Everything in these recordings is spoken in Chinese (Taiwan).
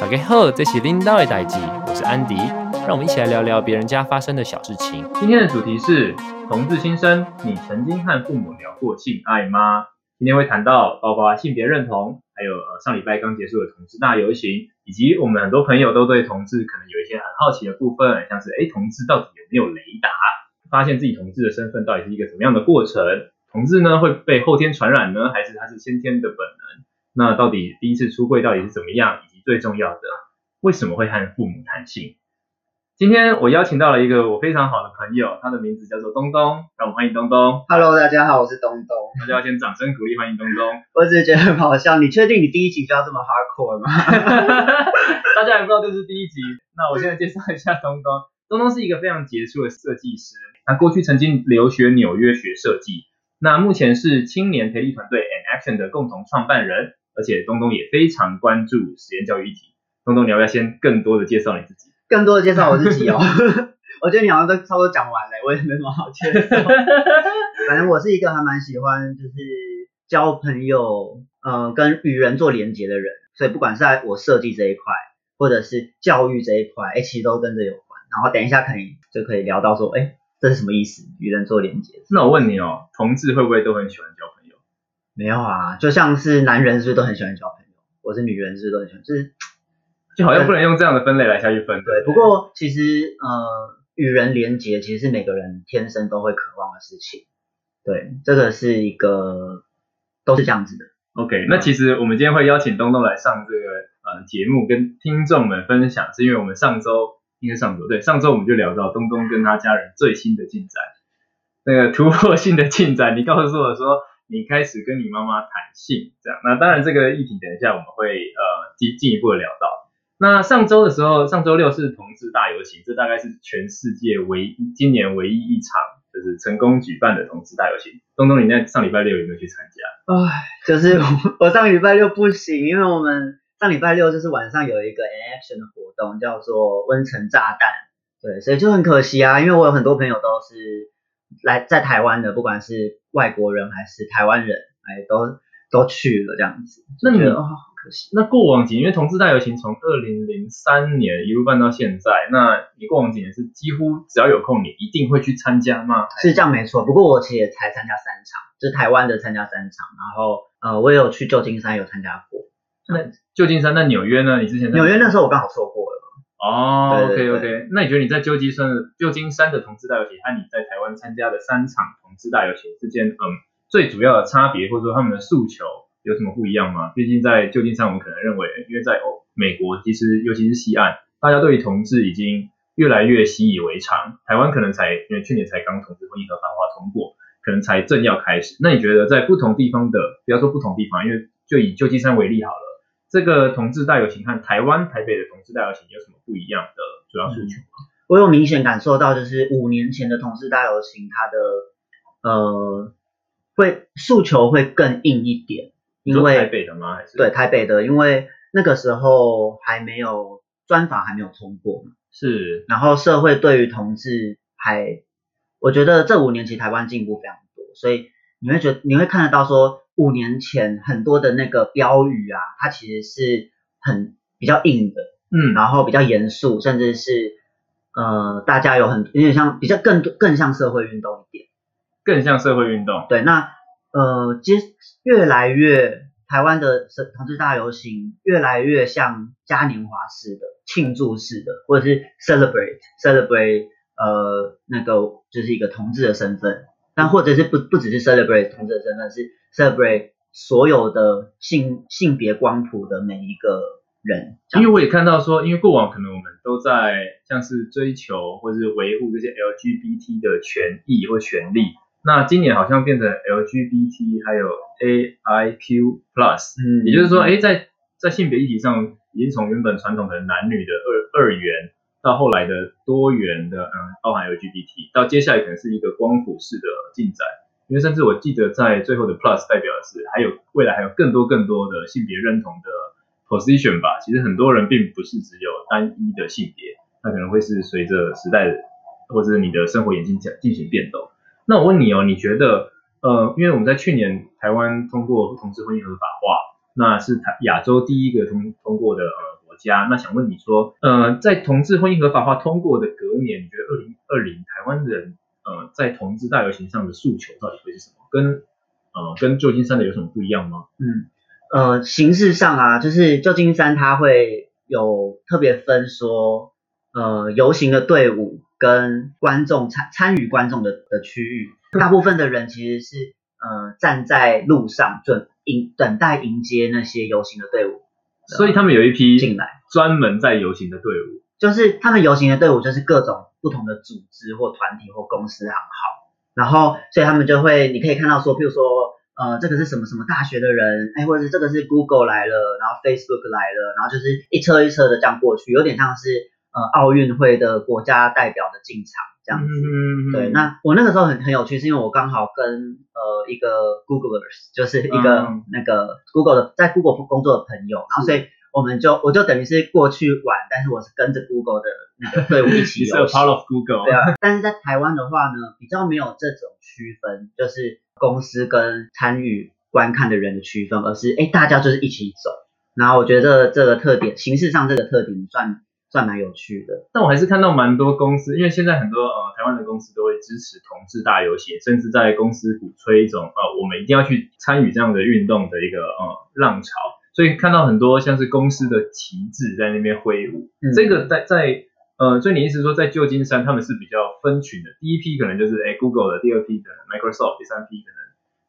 打開後，這是林道的代際。我是安迪，讓我們一起來聊聊別人家發生的小事情。今天的主題是同志新生。你曾經和父母聊過性愛嗎？今天會談到包括性別認同，還有、呃、上禮拜剛結束的同志大遊行，以及我們很多朋友都對同志可能有一些很好奇的部分，像是誒、欸、同志到底有沒有雷達？發現自己同志的身份到底是一個怎麼樣的過程？同志呢會被後天傳染呢，還是他是先天的本能？那到底第一次出櫃到底是怎麼樣？最重要的，為什麼會和父母談性？今天我邀請到了一個我非常好的朋友，他的名字叫做東東，讓我歡迎東東。Hello，大家好，我是東東。大家先掌聲鼓勵歡迎東東。 我只是覺得很好笑，你確定你第一集就要這麼 hardcore 嗎？ 大家還不知道這是第一集，那我現在介紹一下東東。 東東是一個非常傑出的設計師，他過去曾經留學紐約學設計，那目前是青年培育團隊 An Action 的共同創辦人。而且東東也非常關注實驗教育議題。東東，你要不要先更多的介紹你自己？更多的介紹我自己哦。 我覺得你好像都差不多講完了，我也沒什麼好介紹。 反正我是一個還蠻喜歡就是交朋友，嗯、呃，跟與人做連結的人。所以不管是在我設計這一塊，或者是教育這一塊、欸，其實都跟着有關。然後等一下可以就可以聊到說，哎、欸，這是什麼意思？與人做連結。那我問你哦，同志會不會都很喜歡交朋？沒有啊，就像是男人是不是都很喜歡小朋友？我是女人是不是都很喜歡？就是就好像不能用這樣的分類來下去分。對，對不對？不過其實呃，與人連結其實是每個人天生都會渴望的事情。對，這個是一個都是這樣子的。OK，嗯，那其實我們今天會邀請東東來上這個呃節目，跟聽眾們分享，是因為我們上週應該上週對上週我們就聊到東東跟他家人最新的進展，對，那個突破性的進展，你告訴我說。你開始跟你媽媽談性，這樣。那當然這個議題等一下我們會呃進進一步的聊到。那上週的時候，上週六是同志大遊行，這大概是全世界唯一今年唯一一場就是成功舉辦的同志大遊行。東東，你那上禮拜六有沒有去參加？哎，就是我，我上禮拜六不行，因為我們上禮拜六就是晚上有一個 Action 的活動，叫做溫城炸彈，對，所以就很可惜啊，因為我有很多朋友都是來在台灣的，不管是。外國人還是台灣人，哎，都都去了這樣子。那你對、哦、好可惜。那過往幾年，因為同志大遊行從二零零三年一路辦到現在，那你過往幾年是幾乎只要有空，你一定會去參加嗎？是，是這樣沒錯。不過我其實也才參加三場，就是、台灣的參加三場，然後呃，我也有去舊金山有參加過。嗯、那舊金山，那紐約呢？你之前在紐約，那時候我剛好錯過了。哦、oh，OK OK，對對對，那你覺得你在舊金山的舊金山的同志大遊行和你在台灣參加的三場同志大遊行之間，嗯，最主要的差別或者說他們的訴求有什麼不一樣嗎？畢竟在舊金山，我們可能認為，因為在美國，其實尤其是西岸，大家對於同志已經越來越習以為常。台灣可能才，因為去年才剛同志婚姻合法化通過，可能才正要開始。那你覺得在不同地方的，不要說不同地方，因為就以舊金山為例好了，這個同志大遊行和台灣台北的同志大遊行有什麼不一樣的主要訴求嗎？我有明顯感受到，就是五年前的同志大遊行，它的呃，會訴求會更硬一點，因為台北的嗎？還是對台北的，因為那個時候還沒有專法還沒有通過嘛。是。然後社會對於同志還，我覺得這五年其實台灣進步非常多，所以你會覺得你會看得到說。五年前很多的那個標語啊，它其實是很比較硬的，嗯，然後比較嚴肅，甚至是呃，大家有很有點像比較更更像社會運動一點，更像社會運動。對，那呃，其實越來越台灣的同同志大遊行越來越像嘉年華式的慶祝式的，或者是 celebrate、嗯、celebrate，呃，那個就是一個同志的身份。但或者是不不只是 celebrate 同志的身份，但是 celebrate 所有的性性別光譜的每一個人。因為我也看到說，因為過往可能我們都在像是追求或是維護這些 LGBT 的權益或權利。嗯、那今年好像變成 LGBT 還有 AIQ Plus，嗯、也就是說，哎、嗯，在在性別議題上，已經從原本傳統的男女的二二元。到後來的多元的，嗯，包含 LGBT，到接下來可能是一個光譜式的進展，因為甚至我記得在最後的 Plus 代表的是還有未來還有更多更多的性別認同的 position 吧。其實很多人並不是只有單一的性別，那可能會是隨着時代或者是你的生活演進進進行變動。那我問你哦，你覺得，呃，因為我們在去年台灣通過同志婚姻合法化，那是台亞洲第一個通通過的。家那想問你說，呃，在同志婚姻合法化通過的隔年，你覺得二零二零台灣人，呃，在同志大遊行上的訴求到底會是什麼？跟呃跟舊金山的有什麼不一樣嗎？嗯，呃，形式上啊，就是舊金山它會有特別分說，呃，遊行的隊伍跟觀眾參參與觀眾的的區域，大部分的人其實是呃站在路上準迎等，等待迎接那些遊行的隊伍。所以他們有一批進來專門在遊行的隊伍，就是他們遊行的隊伍就是各種不同的組織或團體或公司行號，然後所以他們就會，你可以看到說，譬如說，呃，這個是什麼什麼大學的人，哎，或者是這個是 Google 來了，然後 Facebook 來了，然後就是一車一車的這樣過去，有點像是，呃，奧運會的國家代表的進場。這樣子，嗯嗯、對。那我那個時候很很有趣，是因為我剛好跟呃一個 Googleers，就是一個那個 Google 的在 Google 工作的朋友，然後所以我們就我就等於是過去玩，但是我是跟着 Google 的那個隊伍一起走。是 part of Google。對啊，但是在台灣的話呢，比較沒有這種區分，就是公司跟參與觀看的人的區分，而是哎、欸、大家就是一起走。然後我覺得這個、這個特點，形式上這個特點算。算蠻有趣的，但我還是看到蠻多公司，因為現在很多呃台灣的公司都會支持同志大遊行，甚至在公司鼓吹一種呃我們一定要去參與這樣的運動的一個呃浪潮，所以看到很多像是公司的旗幟在那邊揮舞。嗯、這個在在呃，所以你意思說在舊金山他們是比較分群的，第一批可能就是誒 Google 的，第二批可能 Microsoft，第三批可能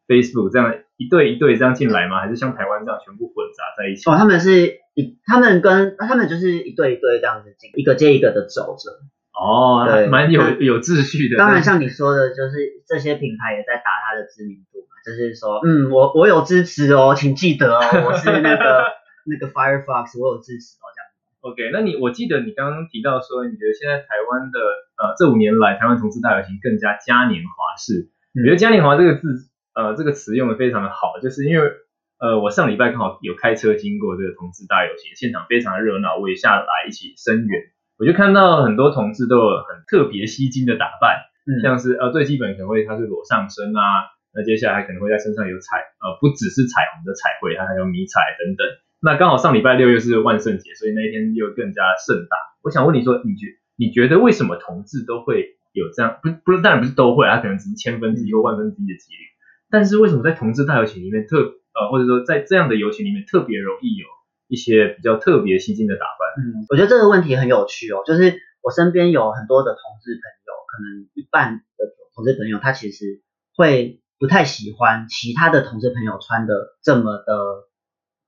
Facebook，這樣一對一對這樣進來嗎？還是像台灣這樣全部混雜在一起？哦，他們是。他們跟他們就是一對一對這樣子一個接一個的走着。哦，對蠻有但有秩序的。當然，像你說的，就是、嗯、這些品牌也在打它的知名度嘛，就是說，嗯，我我有支持哦，請記得，哦，我是那個 那個 Firefox，我有支持哦。這樣。OK，那你我記得你剛剛提到說，你覺得現在台灣的呃，這五年來台灣同志大遊行更加嘉年華式，你覺得嘉年華這個字呃這個詞用的非常的好，就是因為。呃，我上禮拜剛好有開車經過這個同志大遊行，現場非常的熱鬧，我也下來一起聲援。我就看到很多同志都有很特別吸睛的打扮，嗯、像是呃最基本可能會他是裸上身啊，那接下來可能會在身上有彩呃不只是彩虹的彩繪，它還有迷彩等等。那剛好上禮拜六又是萬聖節，所以那一天又更加盛大。我想問你說，你覺你覺得為什麼同志都會有這樣不不是當然不是都會，他可能只是千分之一或萬分之一的幾率，但是為什麼在同志大遊行裡面特或者說在這樣的遊行裡面，特別容易有一些比較特別、吸睛的打扮。嗯，我覺得這個問題很有趣哦。就是我身邊有很多的同志朋友，可能一半的同志朋友他其實會不太喜歡其他的同志朋友穿的這麼的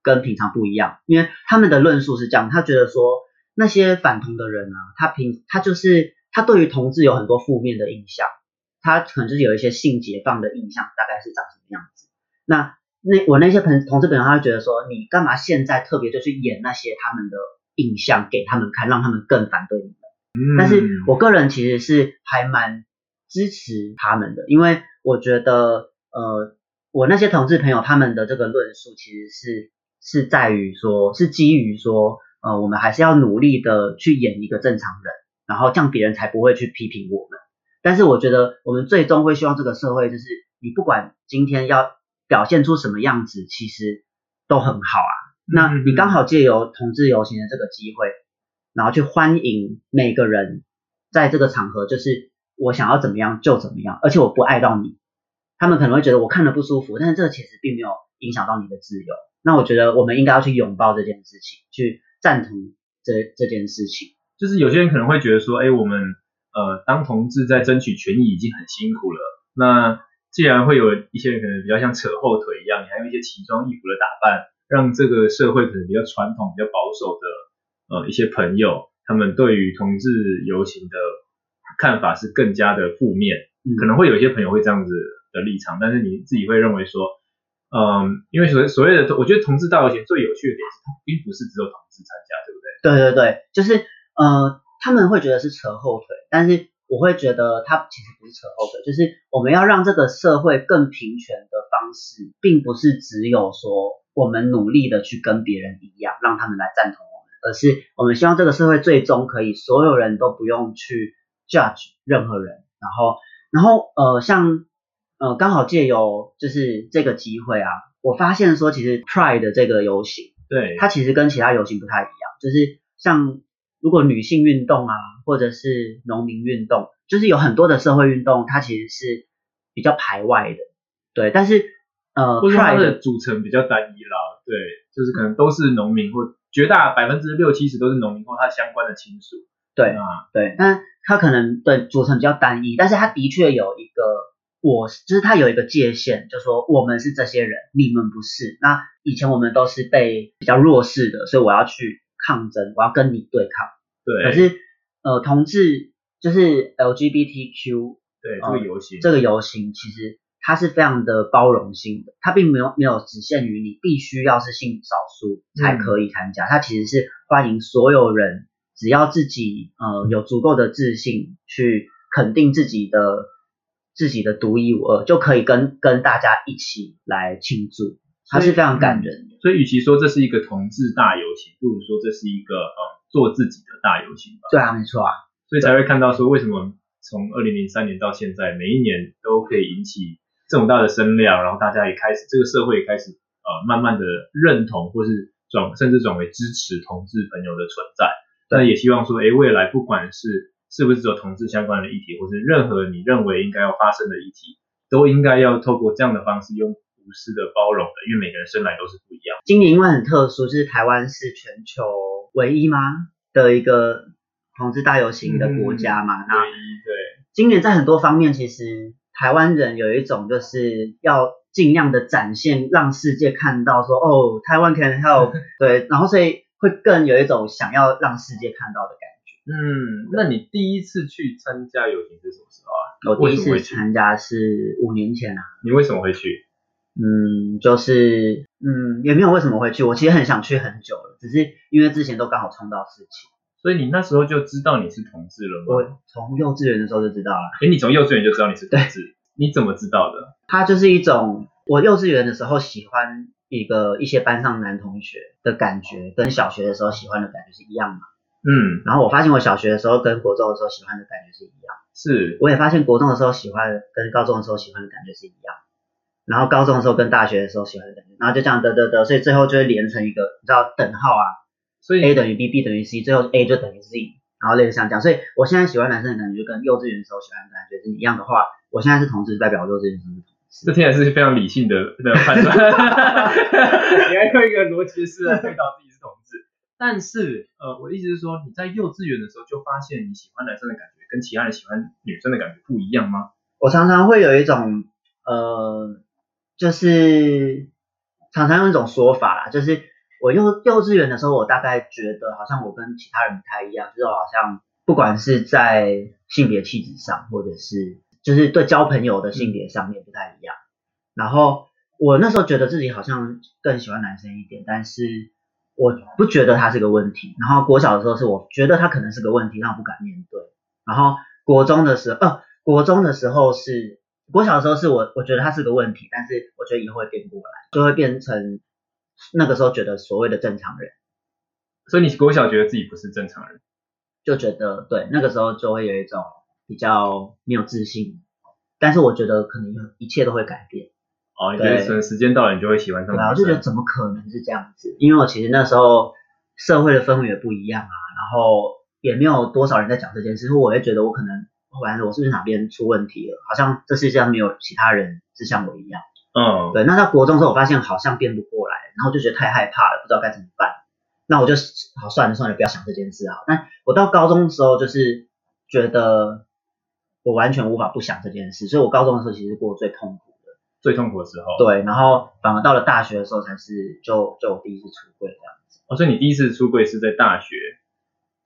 跟平常不一樣，因為他們的論述是這樣，他覺得說那些反同的人啊，他平他就是他對於同志有很多負面的印象，他可能就是有一些性解放的印象，大概是長什麼樣子？那。那我那些朋同志朋友，他會覺得說你幹嘛現在特別就去演那些他們的印象給他們看，讓他們更反對你們。但是我個人其實是還蠻支持他們的，因為我覺得呃，我那些同志朋友他們的這個論述其實是是在於說，是基於說呃，我們還是要努力的去演一個正常人，然後這樣別人才不會去批評我們。但是我覺得我們最終會希望這個社會就是你不管今天要。表現出什麼樣子，其實都很好啊。那你剛好借由同志遊行的這個機會，然後去歡迎每個人，在這個場合，就是我想要怎麼樣就怎麼樣，而且我不礙到你，他們可能會覺得我看得不舒服，但是這個其實並沒有影響到你的自由。那我覺得我們應該要去擁抱這件事情，去贊同這這件事情。就是有些人可能會覺得說，哎，我們呃，當同志在爭取權益已經很辛苦了，那。既然會有一些人可能比較像扯後腿一樣，你還有一些奇裝異服的打扮，讓這個社會可能比較傳統、比較保守的呃一些朋友，他們對於同志遊行的看法是更加的負面，嗯、可能會有一些朋友會這樣子的立場，但是你自己會認為說，嗯、呃，因為所所謂的，我覺得同志大遊行最有趣的點是，它並不是只有同志參加，對不對？對對對，就是呃，他們會覺得是扯後腿，但是。我會覺得它其實不是扯後腿，就是我們要讓這個社會更平權的方式，並不是只有說我們努力的去跟別人一樣，讓他們來贊同我們，而是我們希望這個社會最終可以所有人都不用去 judge 任何人。然後，然後呃，像呃，剛好借由就是這個機會啊，我發現說其實 Pride 這個遊行，對，它其實跟其他遊行不太一樣，就是像。如果女性運動啊，或者是農民運動，就是有很多的社會運動，它其實是比較排外的，對。但是，呃，或者說它的組成比較單一了，對，就是可能都是農民或絕大百分之六七十都是農民或他相關的親屬，對，嗯啊、對。那他可能對組成比較單一，但是它的確有一個，我就是它有一個界限，就說我們是這些人，你們不是。那以前我們都是被比較弱勢的，所以我要去。抗爭，我要跟你對抗。對，可是呃，同志就是 LGBTQ，對、呃、這個遊行，這個遊行其實它是非常的包容性的，它並沒有沒有只限於你必須要是性少數才可以參加，嗯、它其實是歡迎所有人，只要自己呃有足夠的自信去肯定自己的自己的獨一無二，就可以跟跟大家一起來慶祝。他是非常感人的，所以與其說這是一個同志大遊行，不如說這是一個呃做自己的大遊行吧。對啊，沒錯啊，所以才會看到說為什麼從二零零三年到現在，每一年都可以引起這麼大的聲量，然後大家也開始這個社會也開始呃慢慢的認同或是轉甚至轉為支持同志朋友的存在，但也希望說哎未來不管是是不是只有同志相關的議題，或是任何你認為應該要發生的議題，都應該要透過這樣的方式用。無私的包容的，因為每個人生來都是不一樣。今年因為很特殊，就是台灣是全球唯一嗎的一個同志大遊行的國家嘛。嗯，那對，對。今年在很多方面，其實台灣人有一種就是要盡量的展現，讓世界看到說，哦，台灣 can help 對，然後所以會更有一種想要讓世界看到的感覺。嗯，對那你第一次去參加遊行是什麼時候啊？我第一次參加是五年前啊。你為什麼會去？嗯，就是嗯，也沒有為什麼會去。我其實很想去很久了，只是因為之前都剛好衝到事情，所以你那時候就知道你是同志了嗎？我從幼稚園的時候就知道了。哎、欸，你從幼稚園就知道你是同志？對你怎麼知道的？他就是一種我幼稚園的時候喜歡一個一些班上男同學的感覺，跟小學的時候喜歡的感覺是一樣嘛。嗯，然後我發現我小學的時候跟國中的時候喜歡的感覺是一樣。是，我也發現國中的時候喜歡跟高中的時候喜歡的感覺是一樣。然後高中的時候跟大學的時候喜歡的感覺，然後就這樣得得得，所以最後就會連成一個你知道等號啊，所以 A 等於 B，B 等於 C，最後 A 就等於 Z，然後類似像這樣，所以我現在喜歡男生的感覺就跟幼稚園的時候喜歡的感覺是一樣的話，我現在是同志，代表幼稚園是同志，這聽起來是非常理性的那種判斷， 你還用一個邏輯式的推導自己是同志，但是呃，我的意思是說你在幼稚園的時候就發現你喜歡男生的感覺跟其他人喜歡女生的感覺不一樣嗎？我常常會有一種呃。就是常常用一種說法啦，就是我幼幼稚園的時候，我大概覺得好像我跟其他人不太一樣，就是我好像不管是在性別氣質上，或者是就是對交朋友的性別上面不太一樣。嗯。然後我那時候覺得自己好像更喜歡男生一點，但是我不覺得他是個問題。然後國小的時候是我覺得他可能是個問題，讓我不敢面對。然後國中的時候，呃，國中的時候是。國小的時候是我，我覺得他是個問題，但是我覺得以後會變過來，就會變成那個時候覺得所謂的正常人。所以你國小覺得自己不是正常人？就覺得對，那個時候就會有一種比較沒有自信，但是我覺得可能一切都會改變。哦，對你覺得可能時間到了你就會喜歡上？對啊，就覺得怎麼可能是這樣子？因為我其實那時候社會的氛圍也不一樣啊，然後也沒有多少人在講這件事，所以我會覺得我可能。我完了，哦、我是不是哪邊出問題了？好像這世界上沒有其他人是像我一樣。嗯，對。那到國中的時候，我發現好像變不過來，然後就覺得太害怕了，不知道該怎麼辦。那我就好算了算了，不要想這件事啊。那我到高中的時候就是覺得我完全無法不想這件事，所以我高中的時候其實過最痛苦的。最痛苦的時候。對，然後反而到了大學的時候，才是就就我第一次出櫃這樣子。哦，所以你第一次出櫃是在大學。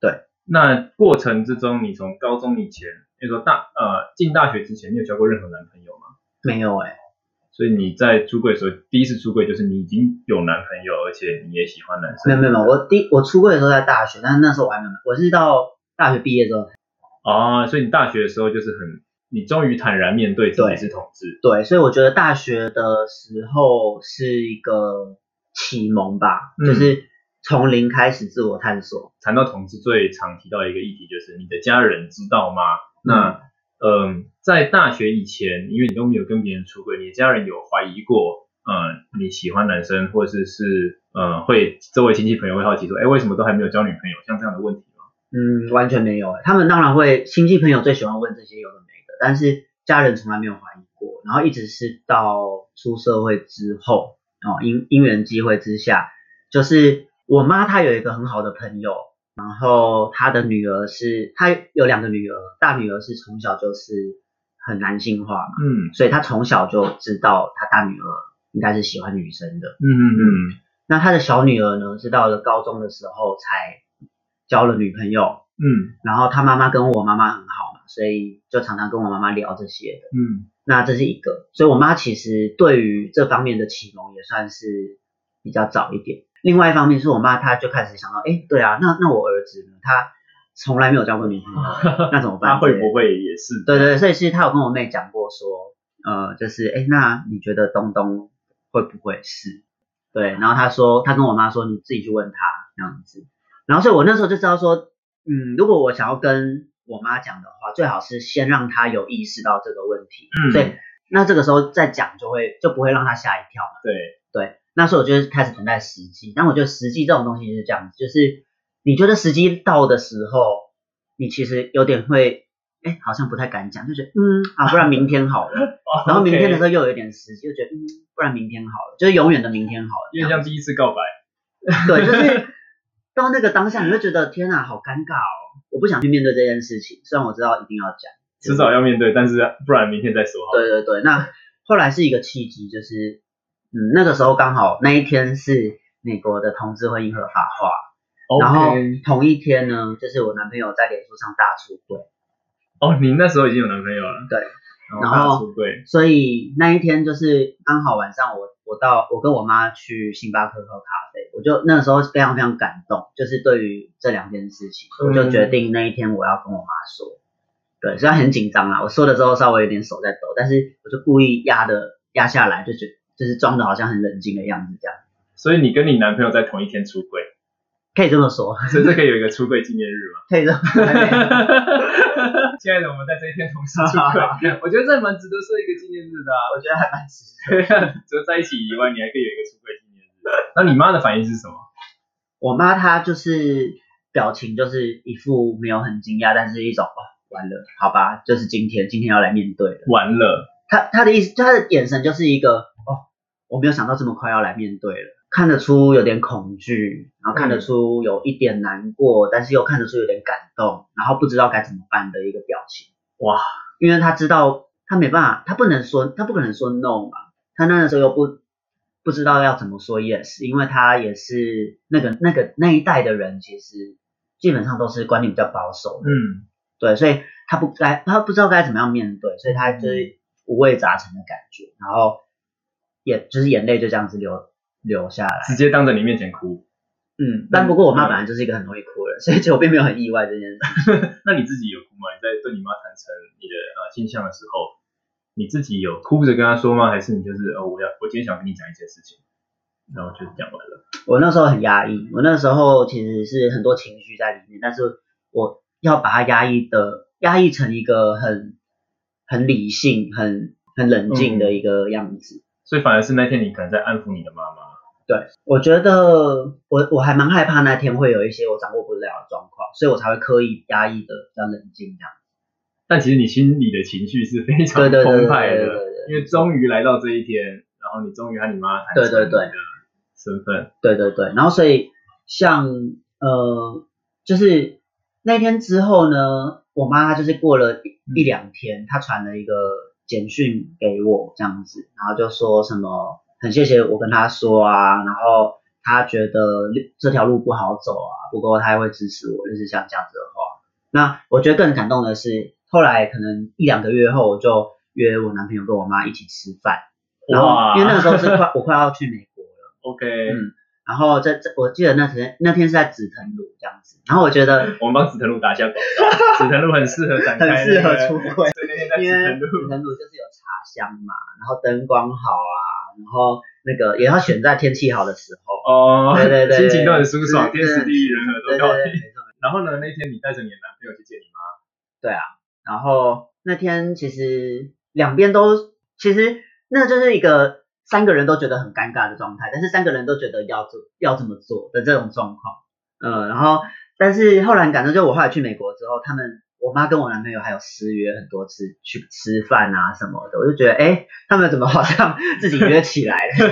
對。那過程之中，你從高中以前。就說大呃進大學之前你有交過任何男朋友嗎？沒有哎、欸。所以你在出櫃的時候，第一次出櫃就是你已經有男朋友，而且你也喜歡男生。沒有沒有我第我出櫃的時候在大學，但是那時候我還沒有，我是到大學畢業之後。啊、哦，所以你大學的時候就是很，你終於坦然面對自己對是同志。對，所以我覺得大學的時候是一個啟蒙吧，就是從零開始自我探索。談、嗯、到同志，最常提到一個議題就是你的家人知道嗎？那，嗯，在大學以前，因為你都沒有跟別人出櫃，你家人有懷疑過，嗯，你喜歡男生，或者是，呃、嗯，會周圍親戚朋友會好奇說，哎，為什麼都還沒有交女朋友？像這樣的問題嗎？嗯，完全沒有，他們當然會，親戚朋友最喜歡問這些有的沒的，但是家人從來沒有懷疑過，然後一直是到出社會之後，哦、嗯，因因緣機會之下，就是我媽她有一個很好的朋友。然後他的女兒是，他有兩個女兒，大女兒是從小就是很男性化嘛，嗯，所以他從小就知道他大女兒應該是喜歡女生的，嗯嗯嗯。那他的小女兒呢，是到了高中的時候才交了女朋友，嗯。然後他媽媽跟我媽媽很好嘛，所以就常常跟我媽媽聊這些的，嗯。那這是一個，所以我媽其實對於這方面的啟蒙也算是比較早一點。另外一方面是我媽，她就開始想到，哎，對啊，那那我兒子呢？他從來沒有交過女朋友，哦、那怎麼辦？他會不會也是？對,對對，所以其實他有跟我妹講過，說，呃，就是，哎，那你覺得東東會不會是？對，然後他說，他跟我媽說，你自己去問他這樣子。然後所以，我那時候就知道說，嗯，如果我想要跟我媽講的話，最好是先讓她有意識到這個問題，嗯、所以那這個時候再講，就會就不會讓她嚇一跳嘛。對對。對那時候我就開始存在時機，但我覺得時機這種東西就是這樣子，就是你覺得時機到的時候，你其實有點會，哎、欸，好像不太敢講，就覺得嗯，啊，不然明天好了。 啊、然後明天的時候又有一點時機，就覺得嗯，不然明天好了，就是永遠的明天好了。因為像第一次告白。 對，就是到那個當下，你會覺得天哪、啊，好尷尬哦，我不想去面對這件事情，雖然我知道一定要講，就是、至少要面對，但是不然明天再說好了。對對對，那後來是一個契機，就是。嗯，那個時候剛好那一天是美國的同志婚姻合法化，Okay. 然後同一天呢，就是我男朋友在臉書上大出櫃。哦，oh, 你那時候已經有男朋友了？嗯、對，然後所以那一天就是剛好晚上我，我我到我跟我媽去星巴克喝咖啡，我就那時候非常非常感動，就是對於這兩件事情，嗯、我就決定那一天我要跟我媽說。對，雖然很緊張啊，我說的時候稍微有點手在抖，但是我就故意壓的壓下來，就覺。就是裝的好像很冷靜的樣子，這樣。所以你跟你男朋友在同一天出櫃，可以這麼說，所以這可以有一個出櫃紀念日嗎？可以這麼。親愛的， 我們在這一天同時出櫃，哦、我覺得這蠻值得說一個紀念日的、啊。我覺得還蠻值得，除了在一起以外，你還可以有一個出櫃紀念日。那你媽的反應是什麼？我媽她就是表情就是一副沒有很驚訝，但是一種、哦、完了，好吧，就是今天，今天要來面對的完了，她她的意思，她的眼神就是一個。我沒有想到這麼快要來面對了，看得出有點恐懼，然後看得出有一點難過，嗯、但是又看得出有點感動，然後不知道該怎麼辦的一個表情。哇，因為他知道他沒辦法，他不能說他不可能說 no 嘛，他那個時候又不不知道要怎麼說 e s 因為他也是那個那個那一代的人，其實基本上都是觀念比較保守的。嗯，對，所以他不該他不知道該怎麼樣面對，所以他就是五味雜陳的感覺，然後。也就是眼淚就這樣子流流下來，直接當着你面前哭。嗯，那但不過我媽本來就是一個很容易哭的人，那所以就我並沒有很意外這件事。那你自己有哭嗎？你在對你媽坦承你的啊傾、呃、向的時候，你自己有哭着跟她說嗎？還是你就是哦，我要我今天想跟你講一件事情，然後就講完了。我那時候很壓抑，我那時候其實是很多情緒在裡面，但是我要把它壓抑的壓抑成一個很很理性、很很冷靜的一個樣子。嗯所以反而是那天你可能在安撫你的媽媽。對，我覺得我我還蠻害怕那天會有一些我掌握不了的狀況，所以我才會刻意壓抑的比較冷靜一點。但其實你心裡的情緒是非常澎湃的，因為終於來到這一天，然後你終於和你媽談對對對身份，對對對。然後所以像呃，就是那天之後呢，我媽她就是過了一一兩天，嗯，她傳了一個。簡訊給我這樣子，然後就說什麼很謝謝我跟他說啊，然後他覺得這條路不好走啊，不過他也會支持我，就是像這樣子的話。那我覺得更感動的是，後來可能一兩個月後，我就約我男朋友跟我媽一起吃飯，然後哇 因為那個時候是快 我快要去美國了。OK，嗯。然後在這,這，我記得那時那天是在紫藤路這樣子。然後我覺得我們幫紫藤路打一下廣告， 紫藤路很適合展開，很適合出軌。那天在紫藤路為就是有茶香嘛，然後燈光好啊，然後那個也要選在天氣好的時候。哦。對對對。心情都很舒爽，對天時地利人和都到然後呢，那天你帶着你的男朋友去見你媽。對啊，然後那天其實兩邊都，其實那就是一個。三個人都覺得很尷尬的狀態，但是三個人都覺得要做要這麼做的這種狀況，嗯，然後但是後來感到，就我後來去美國之後，他們我媽跟我男朋友還有私約很多次去吃飯啊什麼的，我就覺得哎，他們怎麼好像自己約起來了？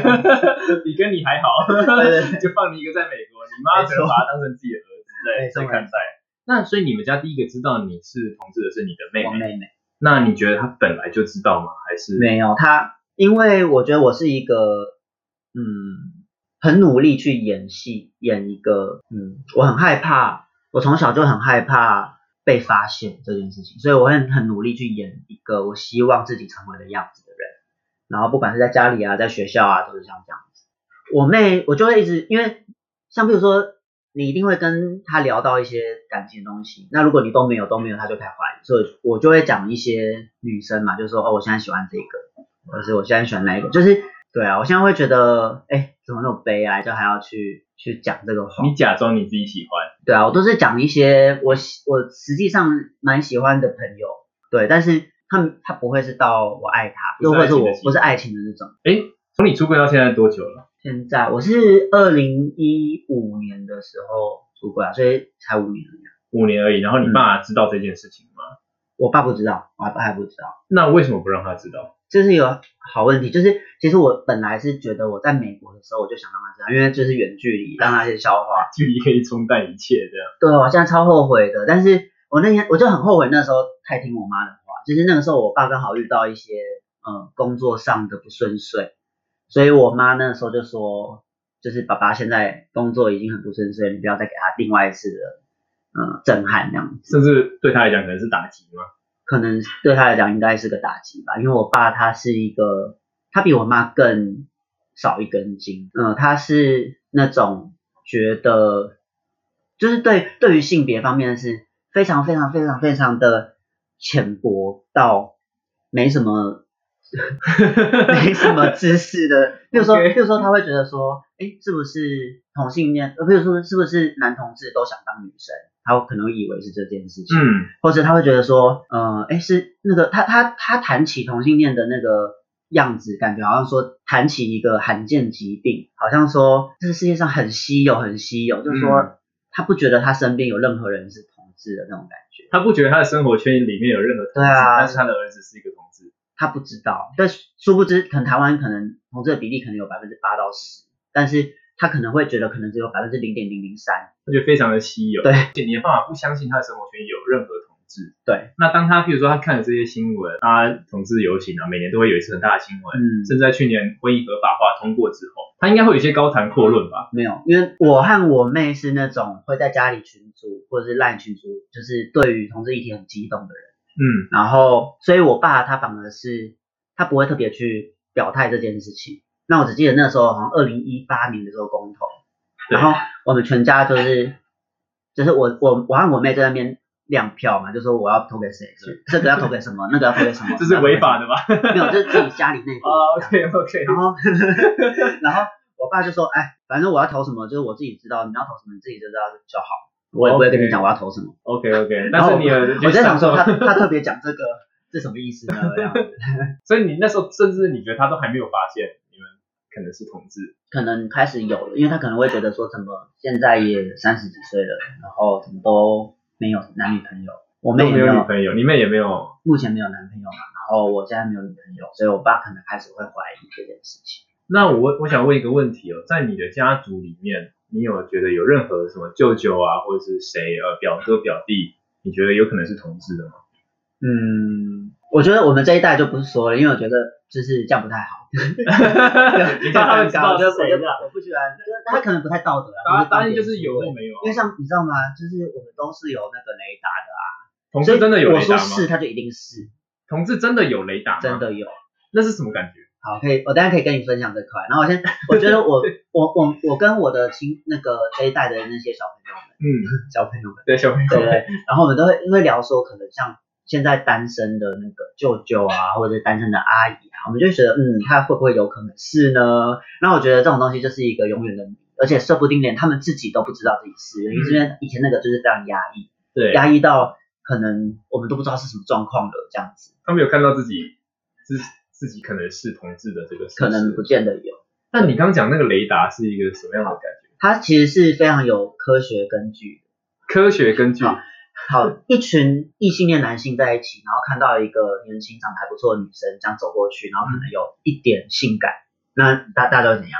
比跟你還好，就放你一個在美國，你媽只把他當成自己的兒子，對，這麼看待。那所以你們家第一個知道你是同志的是你的妹妹。妹妹。那你覺得他本來就知道嗎？還是沒有他。因為我覺得我是一個，嗯，很努力去演戲，演一個，嗯，我很害怕，我從小就很害怕被發現這件事情，所以我會很，很努力去演一個我希望自己成為的樣子的人。然後不管是在家裡啊，在學校啊，都是像這樣子。我妹，我就會一直，因為像比如說，你一定會跟她聊到一些感情的東西，那如果你都沒有都沒有，她就開始懷疑，所以我就會講一些女生嘛，就是說，哦，我現在喜歡這個。可是我現在選哪一個，就是對啊，我現在會覺得，哎、欸，怎麼那麼悲哀，啊，就還要去去講這個話。你假裝你自己喜歡，對啊，我都是講一些我我實際上蠻喜歡的朋友，對，但是他他不會是到我愛他，又或是我不是愛情的那種。哎、欸，從你出櫃到現在多久了？現在我是二零一五年的時候出櫃，所以才五年而已。五年而已，然後你爸知道這件事情嗎？嗯、我爸不知道，我爸還不知道。那為什麼不讓他知道？就是有好問題，就是其實我本來是覺得我在美國的時候，我就想讓他這樣，因為就是遠距離，讓他先消化，距離可以沖淡一切這樣。對，我現在超後悔的，但是我那天我就很後悔那時候太聽我媽的話。就是那個時候我爸剛好遇到一些呃、嗯、工作上的不順遂，所以我媽那時候就說，就是爸爸現在工作已經很不順遂，你不要再給他另外一次的呃、嗯、震撼，這樣子。甚至對他來講，可能是打擊嗎？可能對他來講應該是個打擊吧，因為我爸他是一個，他比我媽更少一根筋，嗯、呃，他是那種覺得，就是對對於性別方面是非常非常非常非常的淺薄到沒什麼。 沒什麼知識的，比如說，比如 Okay 說他會覺得說，哎，是不是同性戀？呃，比如說是不是男同志都想當女生？他可能以為是這件事情。嗯。或者他會覺得說，呃，哎，是那個他他他談起同性戀的那個樣子，感覺好像說談起一個罕見疾病，好像說，這個世界上很稀有很稀有，就是說他不覺得他身邊有任何人是同志的那種感覺，他不覺得他的生活圈裡面有任何同志。對啊，但是他的兒子是一個同志。他不知道，但殊不知，可能台灣可能同志的比例可能有百分之八到十，但是他可能會覺得可能只有百分之零點零零三，他就非常的稀有。對，你沒辦法不相信他的生活圈有任何同志。對，那當他譬如說他看了這些新聞，他同志遊行啊，每年都會有一次很大的新聞，嗯、甚至在去年婚姻合法化通過之後，他應該會有一些高談闊論吧、嗯？沒有，因為我和我妹是那種會在家裡群組或者是 LINE 群組，就是對於同志議題很激動的人。嗯，然後，所以我爸他反而是他不會特別去表態這件事情。那我只記得那時候好像二零一八年的時候公投，然後我們全家就是對就是我我我和我妹在那邊亮票嘛，就說我要投給誰去，對這個要投給什麼， 那個要投給什麼， 這是違法的嘛， 沒有，這、就是自己家裡內部。啊，OK，OK。然後 然後我爸就說，哎，反正我要投什麼，就是我自己知道，你要投什麼自己就知道就比較好。我也不會 Okay. 跟你講我要投什麼。OK OK，但是你有，我在想說他 他特別講這個是什麼意思呢？ 所以你那時候甚至你覺得他都還沒有發現你們可能是同志，可能開始有了，因為他可能會覺得說，怎麼現在也三十幾歲了，然後怎麼都沒有男女朋友，我妹也沒有，沒有女朋友，你妹也沒有，目前沒有男朋友嘛，然後我現在沒有女朋友，所以我爸可能開始會懷疑這件事情。那我我想問一個問題哦，在你的家族裡面。你有覺得有任何什麼舅舅啊，或者是誰，呃表哥表弟，你覺得有可能是同志的嗎？嗯，我覺得我們這一代就不是說了，因為我覺得就是這樣不太好。哈哈哈的，我不喜歡，他可能不太道德啊。當然就是有，因為像你知道嗎？就是我們都是有那個雷達的啊。同志真的有雷達嗎？我說是，他就一定是。同志真的有雷達。真的有。那是什麼感覺？好，可以，我等下可以跟你分享這塊。然後我先，我覺得我我我我跟我的親那個這一代的那些小朋友們，嗯，小朋友們，小朋友們，對小朋友們，然後我們都會會聊說，可能像現在單身的那個舅舅啊，或者是單身的阿姨啊，我們就覺得，嗯，他會不會有可能是呢？那我覺得這種東西就是一個永遠的，而且說不定連他們自己都不知道自己是。嗯、因為這邊以前那個就是非常壓抑，對，壓抑到可能我們都不知道是什麼狀況的這樣子。他們有看到自己是。自己可能是同志的這個事，可能不見得有。那你剛剛講那個雷達是一個什麼樣的感覺？它其實是非常有科學根據。科學根據。Oh, 好，對一群異性戀男性在一起，然後看到一個年輕長得還不錯的女生這樣走過去，然後可能有一點性感，嗯、那大家會怎樣？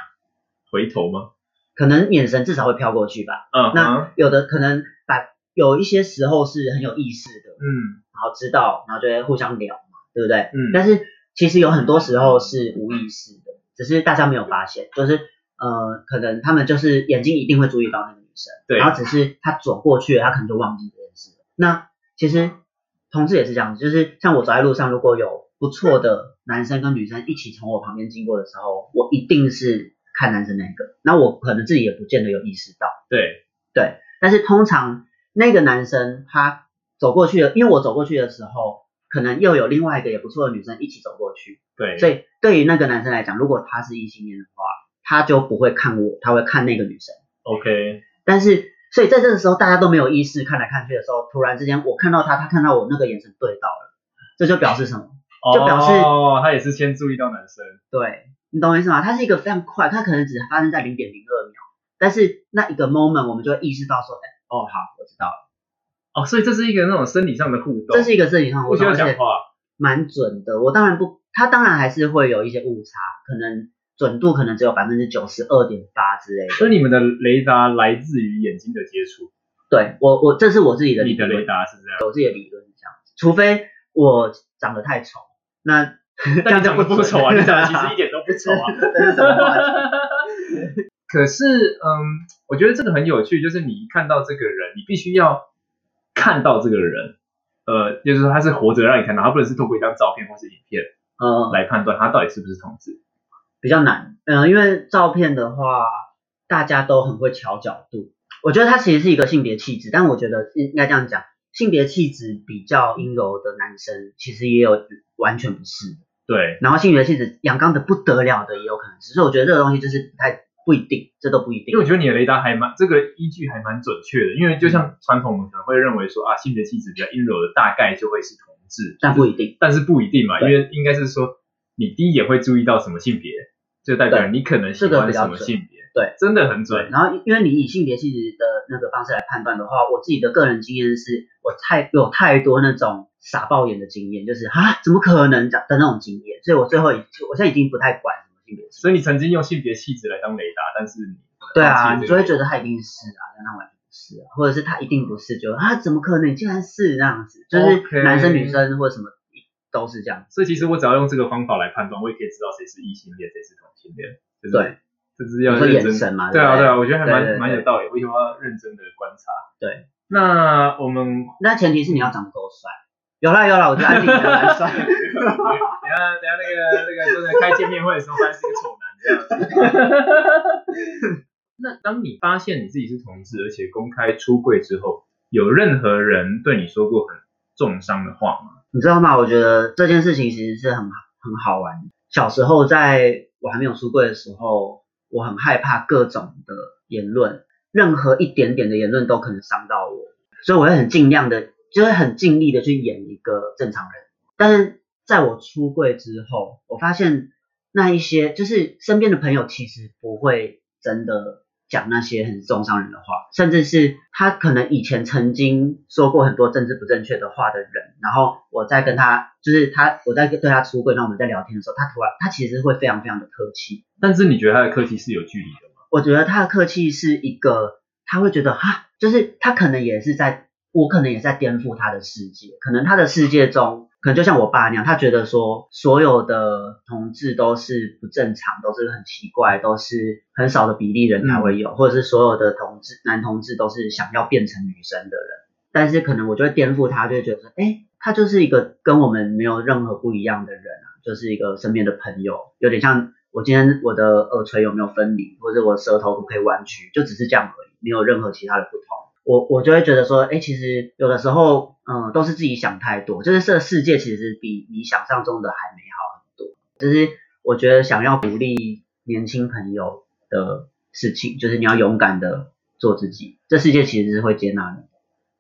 回頭嗎？可能眼神至少會飄過去吧。嗯、uh。Huh、那有的可能把有一些時候是很有意思的，嗯，然後知道，然後就會互相聊嘛，對不對？嗯。但是。其實有很多時候是無意識的，只是大家沒有發現，就是呃，可能他們就是眼睛一定會注意到那個女生，對然後只是他走過去了，他可能就忘記這件事了。那其實同志也是這樣子，就是像我走在路上，如果有不錯的男生跟女生一起從我旁邊經過的時候，我一定是看男生那個，那我可能自己也不見得有意識到。對對，但是通常那個男生他走過去了，因為我走過去的時候。可能又有另外一個也不錯的女生一起走過去，對，所以對於那個男生來講，如果他是異性戀的話，他就不會看我，他會看那個女生。OK。但是，所以在這個時候，大家都沒有意識看來看去的時候，突然之間我看到他，他看到我，那個眼神對到了，這就表示什麼？哦，就表示，哦，他也是先注意到男生。對，你懂我意思嗎？他是一個非常快，他可能只發生在零點零二秒，但是那一個 moment 我們就會意識到說，哎，哦，好，我知道了。哦，所以這是一個那種生理上的互動，這是一個生理上的互動，我講話而且蠻準的。我當然不，他當然還是會有一些誤差，可能準度可能只有百分之九十二點八之類的。所以你們的雷達來自於眼睛的接觸？對我，我這是我自己的理論，你的雷達是這樣，我自己的理論是這樣。除非我長得太醜，那 但你長得不不醜 啊，你長得其實一點都不醜啊。 是 可是，嗯，我覺得這個很有趣，就是你一看到這個人，你必須要。看到這個人，呃，就是說他是活着讓你看到，他不能是透過一張照片或是影片，嗯，來判斷他到底是不是同志，嗯、比較難，嗯、呃，因為照片的話，大家都很會喬角度，我覺得他其實是一個性別氣質，但我覺得應應該這樣講，性別氣質比較陰柔的男生其實也有，完全不是，對，然後性別氣質陽剛的不得了的也有可能是，只是我覺得這個東西就是不太。不一定，這都不一定。因為我覺得你的雷達還蠻這個依據還蠻準確的，因為就像傳統可能會認為說啊，性別氣質比較陰柔的大概就會是同志，就是、但不一定，但是不一定嘛，對因為應該是說你第一眼會注意到什麼性別，就代表你可能喜歡什麼性別，對，這個、對真的很準。然後因為你以性別氣質的那個方式來判斷的話，我自己的個人經驗是我太有太多那種傻爆眼的經驗，就是啊怎麼可能的那種經驗，所以我最後我現在已經不太管。所以你曾經用性別氣質來當雷達，但是你對，對啊，你就會覺得他一定是啊，但他完全不是啊，或者是他一定不是，就啊怎麼可能？你竟然是這樣子，就是男生 okay, 女生或者什麼都是這樣子。子所以其實我只要用這個方法來判斷，我也可以知道誰是異性戀，誰是同性戀。對，就是，對這是要眼神嘛。對，對啊，對啊，我覺得還蠻對對對對蠻有道理。我以後要認真的觀察？對，那我們那前提是你要長夠帥。有啦有啦，我是男的，男帥。 等下等下，那個那個，就是開見面會的時候，發現是個醜男這樣子。 那當你發現你自己是同志，而且公開出櫃之後，有任何人對你說過很重傷的話嗎？你知道嗎？我覺得這件事情其實是很好很好玩。小時候，在我還沒有出櫃的時候，我很害怕各種的言論，任何一點點的言論都可能傷到我，所以我會很盡量的。就會很盡力的去演一個正常人，但是在我出櫃之後，我發現那一些就是身邊的朋友其實不會真的講那些很中傷人的話，甚至是他可能以前曾經說過很多政治不正確的話的人，然後我在跟他就是他，我在對他出櫃，然後我們在聊天的時候，他突然他，其實會非常非常的客氣，但是你覺得他的客氣是有距離的嗎？我覺得他的客氣是一個他會覺得哈，就是他可能也是在。我可能也在顛覆他的世界，可能他的世界中，可能就像我爸那樣，他覺得說所有的同志都是不正常，都是很奇怪，都是很少的比例人才會有，嗯、或者是所有的同志，男同志都是想要變成女生的人。但是可能我就會顛覆他，就會覺得說，哎，他就是一個跟我們沒有任何不一樣的人啊，就是一個身邊的朋友，有點像我今天我的耳垂有沒有分離，或者我的舌頭可不可以彎曲，就只是這樣而已，沒有任何其他的不同。我我就會覺得說，哎，其實有的時候，嗯，都是自己想太多，就是這世界其實比你想象中的還美好很多。就是我覺得想要鼓勵年輕朋友的事情，嗯、就是你要勇敢的做自己，這世界其實是會接納你的。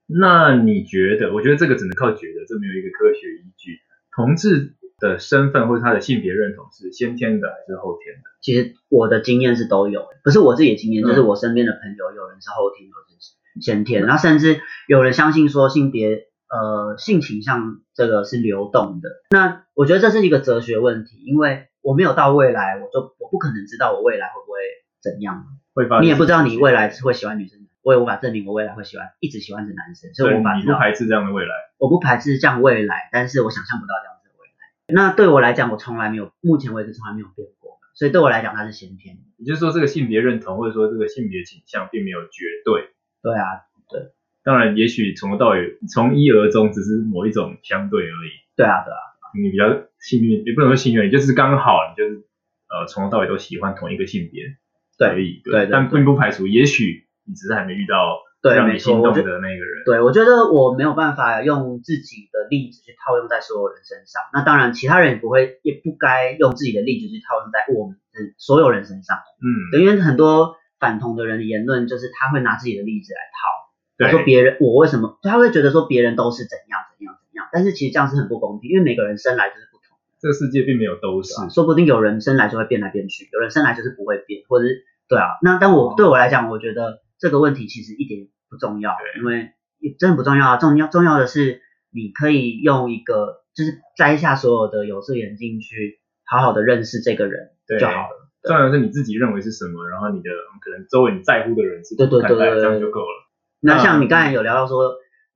那你覺得？我覺得這個只能靠覺得，這沒有一個科學依據。同志的身份或者他的性別認同是先天的還是後天的？其實我的經驗是都有，不是我自己的經驗，就是我身邊的朋友有人是後天，有人是。嗯先天，然後甚至有人相信說性別，呃，性傾向這個是流動的。那我覺得這是一個哲學問題，因為我沒有到未來，我就我不可能知道我未來會不會怎樣。會，你也不知道你未來是會喜歡女生，我也無法證明我未來會喜歡，一直喜歡着男生。所以我，我你不排斥這樣的未來，我不排斥這樣未來，但是我想象不到這樣的未來。那對我來講，我從來沒有，目前為止從來沒有變過，過。所以對我來講，它是先天。也就是說，這個性別認同或者說這個性別傾向並沒有絕對。對啊，對，當然，也許從頭到尾，從一而終，只是某一種相對而已。對啊，對啊，你比較幸運，也不能說幸運，就是剛好，你就是呃，從頭到尾都喜歡同一個性別，對，對，對，但並不排除，對也許你只是還沒遇到讓你心動對的那個人。對，我覺得我沒有辦法用自己的例子去套用在所有人身上。那當然，其他人也不會，也不該用自己的例子去套用在我們所有人身上。嗯，因為很多。反同的人的言論就是他會拿自己的例子來套，比如說別人對我為什麼？他會覺得說別人都是怎樣怎樣怎樣，但是其實這樣是很不公平，因為每個人生來就是不同，這個世界並沒有都是、嗯，說不定有人生來就會變來變去，有人生來就是不會變，或者是對啊，那但我、哦、對我來講，我覺得這個問題其實一點不重要，對因為也真的不重要啊，重要重要的是你可以用一個就是摘下所有的有色眼鏡去好好的認識這個人就好了。重要的是你自己認為是什麼，然後你的可能周圍你在乎的人是對對對，這樣就夠了。那像你剛才有聊到說，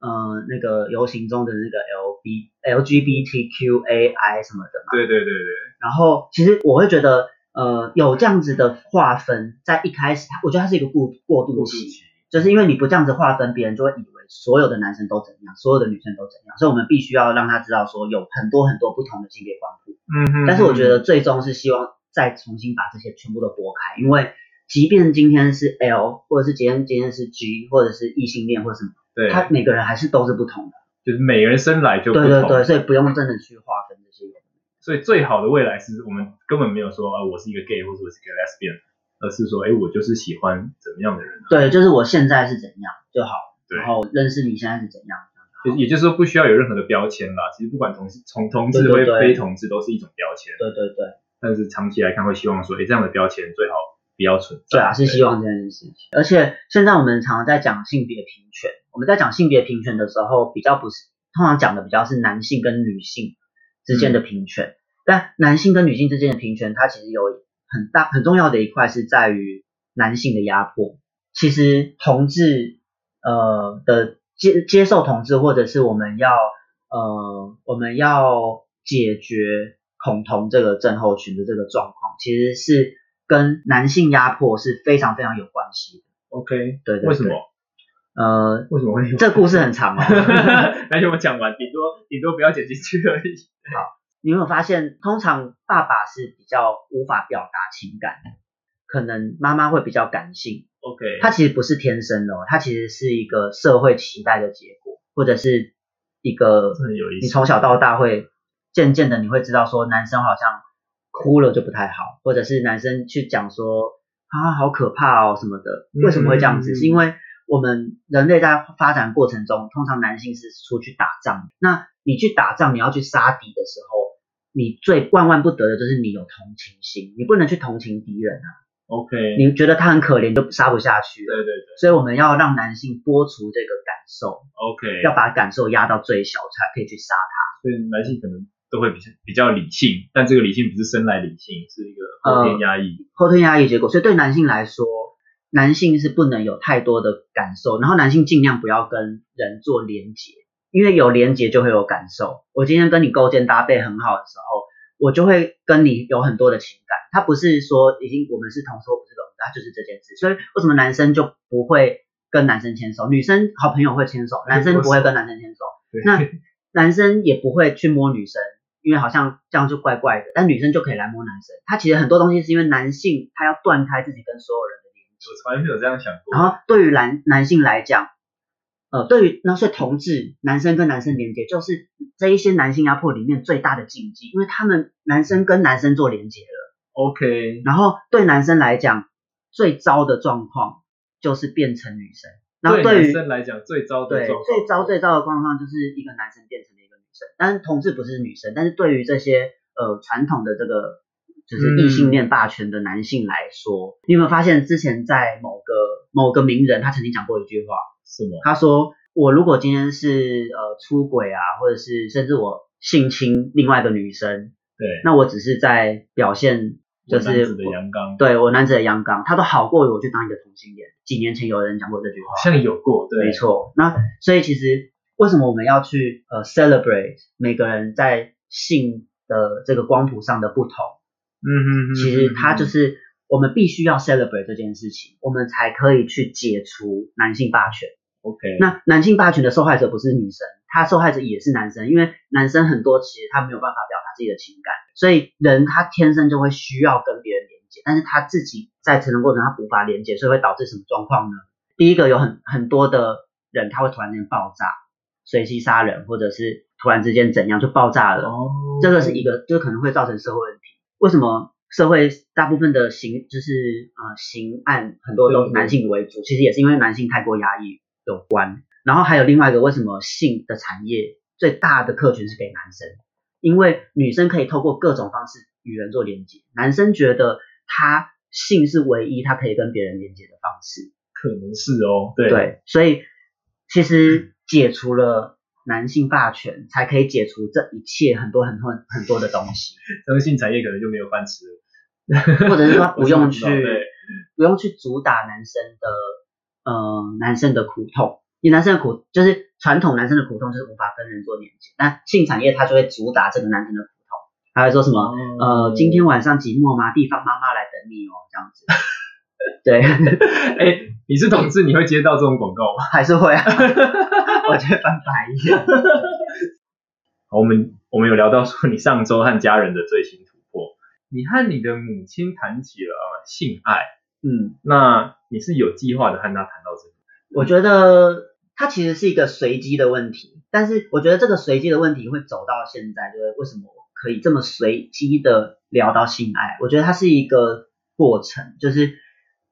啊、呃，那個遊行中的那個 L B L G B T Q A I 什麼的嘛。對對對對。然後其實我會覺得，呃，有這樣子的劃分，在一開始，我覺得它是一個過渡過渡期，就是因為你不這樣子劃分，別人就會以為所有的男生都怎樣，所有的女生都怎樣，所以我們必須要讓他知道說，有很多很多不同的性別光譜。嗯嗯。但是我覺得最終是希望。再重新把這些全部都撥開，因為即便今天是 L，或者是今天今天是 G，或者是異性戀或者什麼，對，他每個人還是都是不同的，就是每個人生來就不同，對對對，所以不用真的去劃分這些人。所以最好的未來是我們根本沒有說，啊、我是一個 gay 或者我是 gay lesbian，而是說，哎，我就是喜歡怎麼樣的人，啊。對，就是我現在是怎樣就好，對然後認識你現在是怎樣就，就對也就是說不需要有任何的標籤吧，其實不管從從同志、同同志或非同志，都是一種標籤。對對對。對對對。但是長期來看，會希望說，誒，這樣的標籤最好不要存在。對啊，是希望這件事情。而且現在我們常常在講性別平權，我們在講性別平權的時候，比較不是通常講的比較是男性跟女性之間的平權。嗯、但男性跟女性之間的平權，它其實有很大很重要的一塊是在於男性的壓迫。其實同志，呃的接接受同志，或者是我們要，呃我們要解決。恐同這個症候群的這個狀況，其實是跟男性壓迫是非常非常有關係的。OK，對，對，對，為什麼？呃，為什麼會有？這故事很長哦。而且我講完，頂多頂多不要剪進去而已。好，你有沒有發現，通常爸爸是比較無法表達情感，可能媽媽會比較感性。OK，他其實不是天生的哦，他其實是一個社會期待的結果，或者是一個。你從小到大會。漸漸的你會知道，說男生好像哭了就不太好，或者是男生去講說啊好可怕哦什麼的，為什麼會這樣子？是、嗯嗯嗯、因為我們人類在發展過程中，通常男性是出去打仗的。那你去打仗，你要去殺敵的時候，你最萬萬不得的就是你有同情心，你不能去同情敵人啊。OK。你覺得他很可憐，就殺不下去。對對對。所以我們要讓男性播出這個感受。OK。要把感受壓到最小，才可以去殺他。所以、嗯、男性可能。都會比較比較理性，但這個理性不是生來理性，是一個後天壓抑，呃、後天壓抑結果。所以對男性來說，男性是不能有太多的感受，然後男性儘量不要跟人做連結，因為有連結就會有感受。我今天跟你構建搭配很好的時候，我就會跟你有很多的情感。他不是說已經我們是同事我們是同，他就是這件事。所以為什麼男生就不會跟男生牽手？女生好朋友會牽手，男生不會跟男生牽手。手那 男生也不會去摸女生。因為好像這樣就怪怪的，但女生就可以來摸男生。他其實很多東西是因為男性他要斷開自己跟所有人的連接。我從來沒有這樣想過。然後對於男男性來講，呃，對於那所以同志、嗯、男生跟男生連接就是這一些男性壓迫裡面最大的禁忌，因為他們男生跟男生做連接了。OK。然後對男生來講最糟的狀況就是變成女生。然後對於女生來講最糟的狀況，最糟最糟的狀況就是一個男生變成但是同志不是女生，但是對於這些呃傳統的這個就是異性戀霸權的男性來說，嗯、你有沒有發現之前在某個某個名人他曾經講過一句話？是的，他說我如果今天是呃出軌啊，或者是甚至我性侵另外一個女生，對，那我只是在表現就是我男子的陽剛，我對，對我男子的陽剛，他都好過於我去當一個同性戀。幾年前有人講過這句話，好像你有過，對，沒錯。那所以其實。為什麼我們要去呃、uh, celebrate 每個人在性的這個光譜上的不同？嗯嗯， 其實它就是我們必須要 celebrate 這件事情，我們才可以去解除男性霸權。OK，那男性霸權的受害者不是女生，他受害者也是男生，因為男生很多其實他沒有辦法表達自己的情感，所以人他天生就會需要跟別人連接，但是他自己在成長過程他無法連接，所以會導致什麼狀況呢？第一個有很很多的人他會突然間爆炸。隨機殺人，或者是突然之間怎樣就爆炸了，哦、這個是一個，就可能會造成社會問題。為什麼社會大部分的刑，就是呃，刑案很多都是男性為主，嗯、其實也是因為男性太過壓抑有關。然後還有另外一個，為什麼性的產業最大的客群是給男生？因為女生可以透過各種方式與人做連接，男生覺得他性是唯一他可以跟別人連接的方式。可能是哦，對，對，所以其實。嗯解除了男性霸權，才可以解除這一切很多很多很多的東西。這性產業可能就沒有飯吃了，或者是說不用去不用去主打男生的呃男生的苦痛，因為男生的苦就是傳統男生的苦痛就是無法跟人做年紀，但性產業它就會主打這個男生的苦痛，還會說什麼呃今天晚上寂寞嗎？地方媽媽來等你哦，這樣子。對，哎，你是同志，你會接到這種廣告嗎？還是會啊。我覺得翻白一樣。 好，我們我們有聊到說，你上周和家人的最新突破，你和你的母親談起了性愛，嗯，那你是有計劃的和他談到這個？我覺得他其實是一個隨機的問題，但是我覺得這個隨機的問題會走到現在，就是為什麼我可以這麼隨機的聊到性愛？我覺得它是一個過程，就是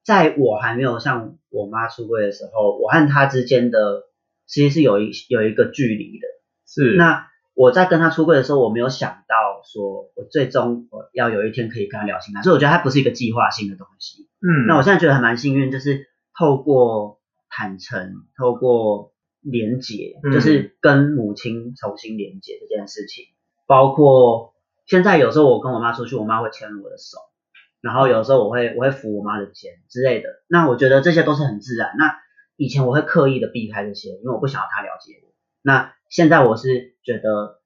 在我還沒有向我媽出櫃的時候，我和她之間的。其實是有一有一個距離的，是。那我在跟他出櫃的時候，我沒有想到說，我最終我要有一天可以跟他聊心。所以我覺得他不是一個計劃性的東西。嗯。那我現在覺得還蠻幸運，就是透過坦誠，透過連接，就是跟母親重新連接這件事情。嗯、包括現在有時候我跟我媽出去，我媽會牽我的手，然後有時候我會我會扶我媽的肩之類的。那我覺得這些都是很自然。那。以前我會刻意的避開這些，因為我不想要他了解我。那現在我是覺得，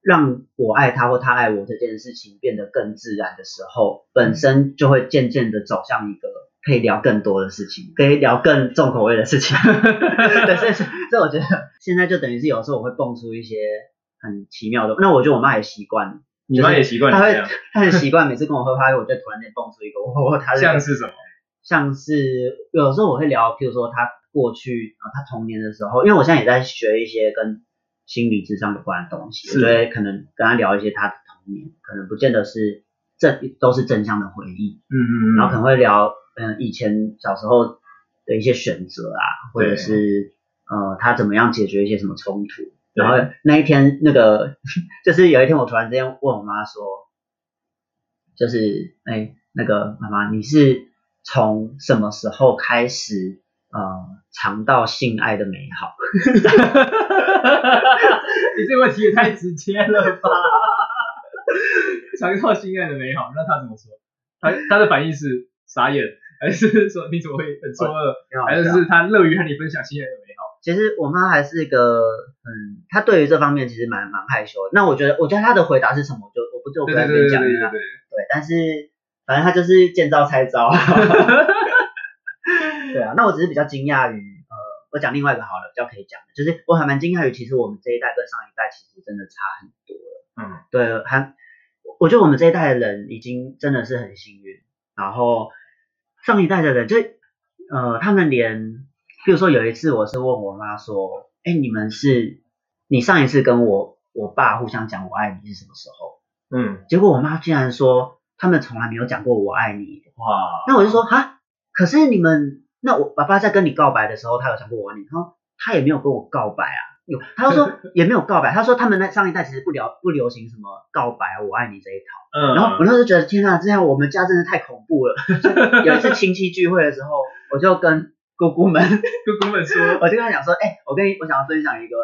讓我愛他或他愛我這件事情變得更自然的時候，本身就會漸漸的走向一個可以聊更多的事情，可以聊更重口味的事情。 對，對，所以所以我覺得現在就等於是有時候我會蹦出一些很奇妙的。那我覺得我媽也習慣，我、就是、媽也習慣你這樣。她會，她很習慣每次跟我喝咖啡，我就突然間蹦出一個，我她。像是什麼？像是有時候我會聊，譬如說她。過去啊，他童年的時候，因為我現在也在學一些跟心理智商有關的東西，是所以可能跟他聊一些他的童年，可能不見得是正都是正向的回憶，嗯，嗯嗯，然後可能會聊，嗯、呃，以前小時候的一些選擇啊，或者是對呃，他怎麼樣解決一些什麼衝突，然後那一天那個就是有一天我突然之間問我媽說，就是哎，那個媽媽，你是從什麼時候開始？呃，嘗、嗯、到性愛的美好。 你這個問題也太直接了吧！嘗到性愛的美好，那他怎麼說？他他的反應是傻眼，還是說你怎麼會很錯愕，哦啊、還是他樂於和你分享性愛的美好？其實我媽還是一個嗯，她對於這方面其實蠻蠻害羞。那我覺得，我覺得她的回答是什麼？就我不就我跟你講一下。對，對，對，但是反正她就是見招拆招。 對啊，那我只是比較驚訝於，呃，我講另外一個好了，比較可以講的，就是我還蠻驚訝於，其實我們這一代跟上一代其實真的差很多了。嗯，對，還，我覺得我們這一代的人已經真的是很幸運，然後上一代的人，就，呃，他們連，譬如說有一次我是問我媽說，哎、欸，你們是，你上一次跟我我爸互相講我愛你是什麼時候？嗯，結果我媽竟然說他們從來沒有講過我愛你的話。哇、嗯，那我就說，哈，可是你們。那我爸爸在跟你告白的時候，他有想過我愛你？然後他也沒有跟我告白啊，有，他就說也沒有告白。 他說他們那上一代其實不聊不流行什麼告白我愛你這一套。嗯，然後我那時候覺得天啊，這樣我們家真的太恐怖了。 有一次親戚聚會的時候，我就跟姑姑們姑姑們說，我就跟他講說，哎、欸，我跟你我想要分享一個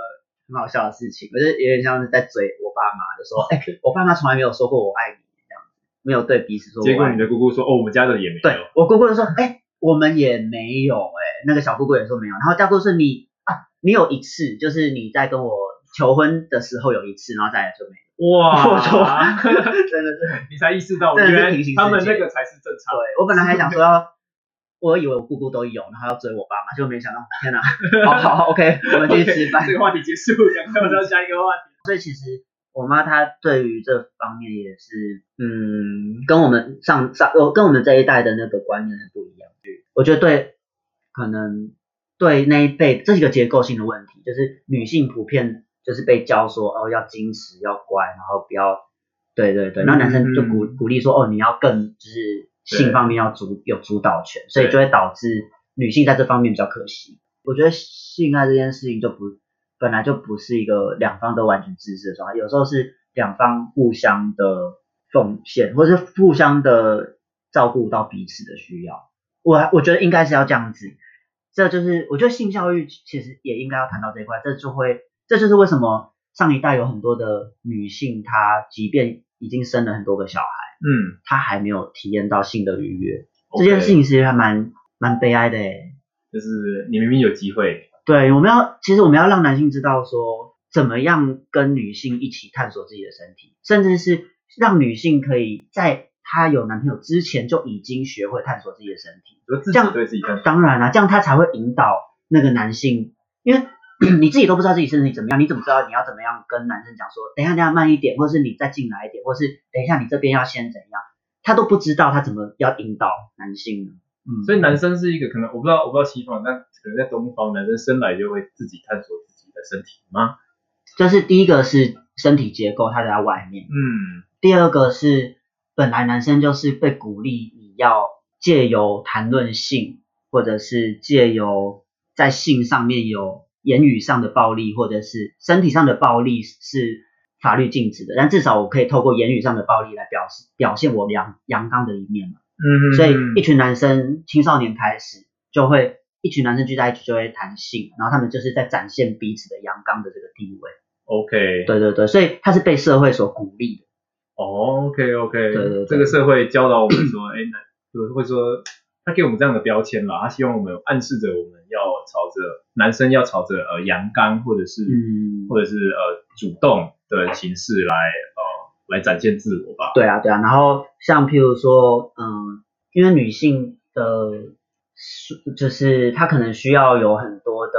很好笑的事情，我就有點像是在追我爸媽，就說，哎、欸，我爸媽從來沒有說過我愛你這樣子，沒有對彼此說我愛你。結果你的姑姑說，哦，我們家的也沒有。對，我姑姑就說，哎、欸。我們也沒有。哎、欸，那個小姑姑也說沒有。然後叫做是你啊，你有一次，就是你在跟我求婚的時候有一次，然後再來說沒有。哇， 真的是你才意識到我，原來他們那個才是正常。對，我本來還想說要，是我以為我姑姑都有，然後要追我爸媽，就沒想到天哪。哦、好，好，OK，我們繼續吃飯 OK, 這個話題結束，個然後我到下一個話題、嗯。所以其實我媽她對於這方面也是，嗯，跟我們上上，跟我們這一代的那個觀念是不一樣。我覺得對，可能對那一輩這是一個結構性的問題，就是女性普遍就是被教說哦要矜持要乖，然後不要對對對，那男生就鼓鼓勵說哦你要更就是性方面要主對有主導權，所以就會導致女性在這方面比較可惜。對我覺得性愛這件事情就不本來就不是一個兩方都完全自私的狀態，有時候是兩方互相的奉獻，或是互相的照顧到彼此的需要。我我覺得應該是要這樣子，這就是我覺得性教育其實也應該要談到這塊，這就會這就是為什麼上一代有很多的女性，她即便已經生了很多個小孩，嗯，她還沒有體驗到性的愉悅，okay, 這件事情其實還蠻蠻悲哀的耶。就是你明明有機會。對，我們要其實我們要讓男性知道說，怎麼樣跟女性一起探索自己的身體，甚至是讓女性可以在。她有男朋友之前就已經學會探索自己的身體，自己對自己這樣，當然了，啊，這樣她才會引導那個男性，因為你自己都不知道自己身體怎麼樣，你怎麼知道你要怎麼樣跟男生講說，等一下，等下慢一點，或者是你再進來一點，或是等一下你這邊要先怎樣，他都不知道他怎麼要引導男性呢？嗯，所以男生是一個可能我不知道我不知道西方，但可能在東方，男生生來就會自己探索自己的身體嗎？就是第一個是身體結構，它在外面，嗯，第二個是。本來男生就是被鼓勵，你要借由談論性，或者是借由在性上面有言語上的暴力，或者是身體上的暴力是法律禁止的。但至少我可以透過言語上的暴力來表示，表現我陽陽剛的一面嘛。嗯嗯。所以一群男生青少年開始就會，一群男生聚在一起就會談性，然後他們就是在展現彼此的陽剛的這個地位。OK。對對對，所以他是被社會所鼓勵的。哦、oh,，OK OK，對對對，這個社會教導我們說， 哎，男，會說他給我們這樣的標籤啦，他希望我們暗示着我們要朝着男生要朝着呃陽剛或者是，嗯，或者是呃主動的形式來呃來展現自我吧。對啊對啊，然後像譬如說，嗯、呃，因為女性的，就是她可能需要有很多的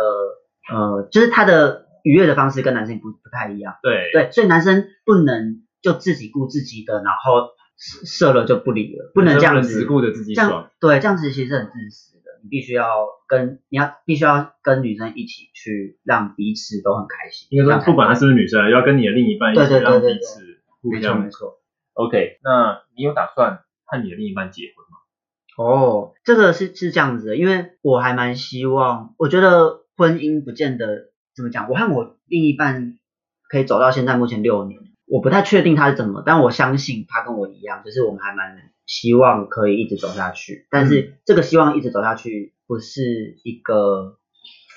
呃，就是她的愉悅的方式跟男生不不太一樣。對對，所以男生不能。就自己顧自己的，然後射了就不理了，嗯、不能這樣子，只顧着自己爽。對，這樣子其實很自私的，你必須要跟你要必須要跟女生一起去，讓彼此都很開心。應該說，不管她是不是女生，要跟你的另一半一起，對對對，讓彼此互相。沒錯，沒錯。OK，那你有打算和你的另一半結婚嗎？哦，這個是是這樣子的，因為我還蠻希望，我覺得婚姻不見得怎麼講，我和我另一半可以走到現在目前六年。我不太確定他是怎麼，但我相信他跟我一樣，就是我們還蠻希望可以一直走下去。但是這個希望一直走下去不是一個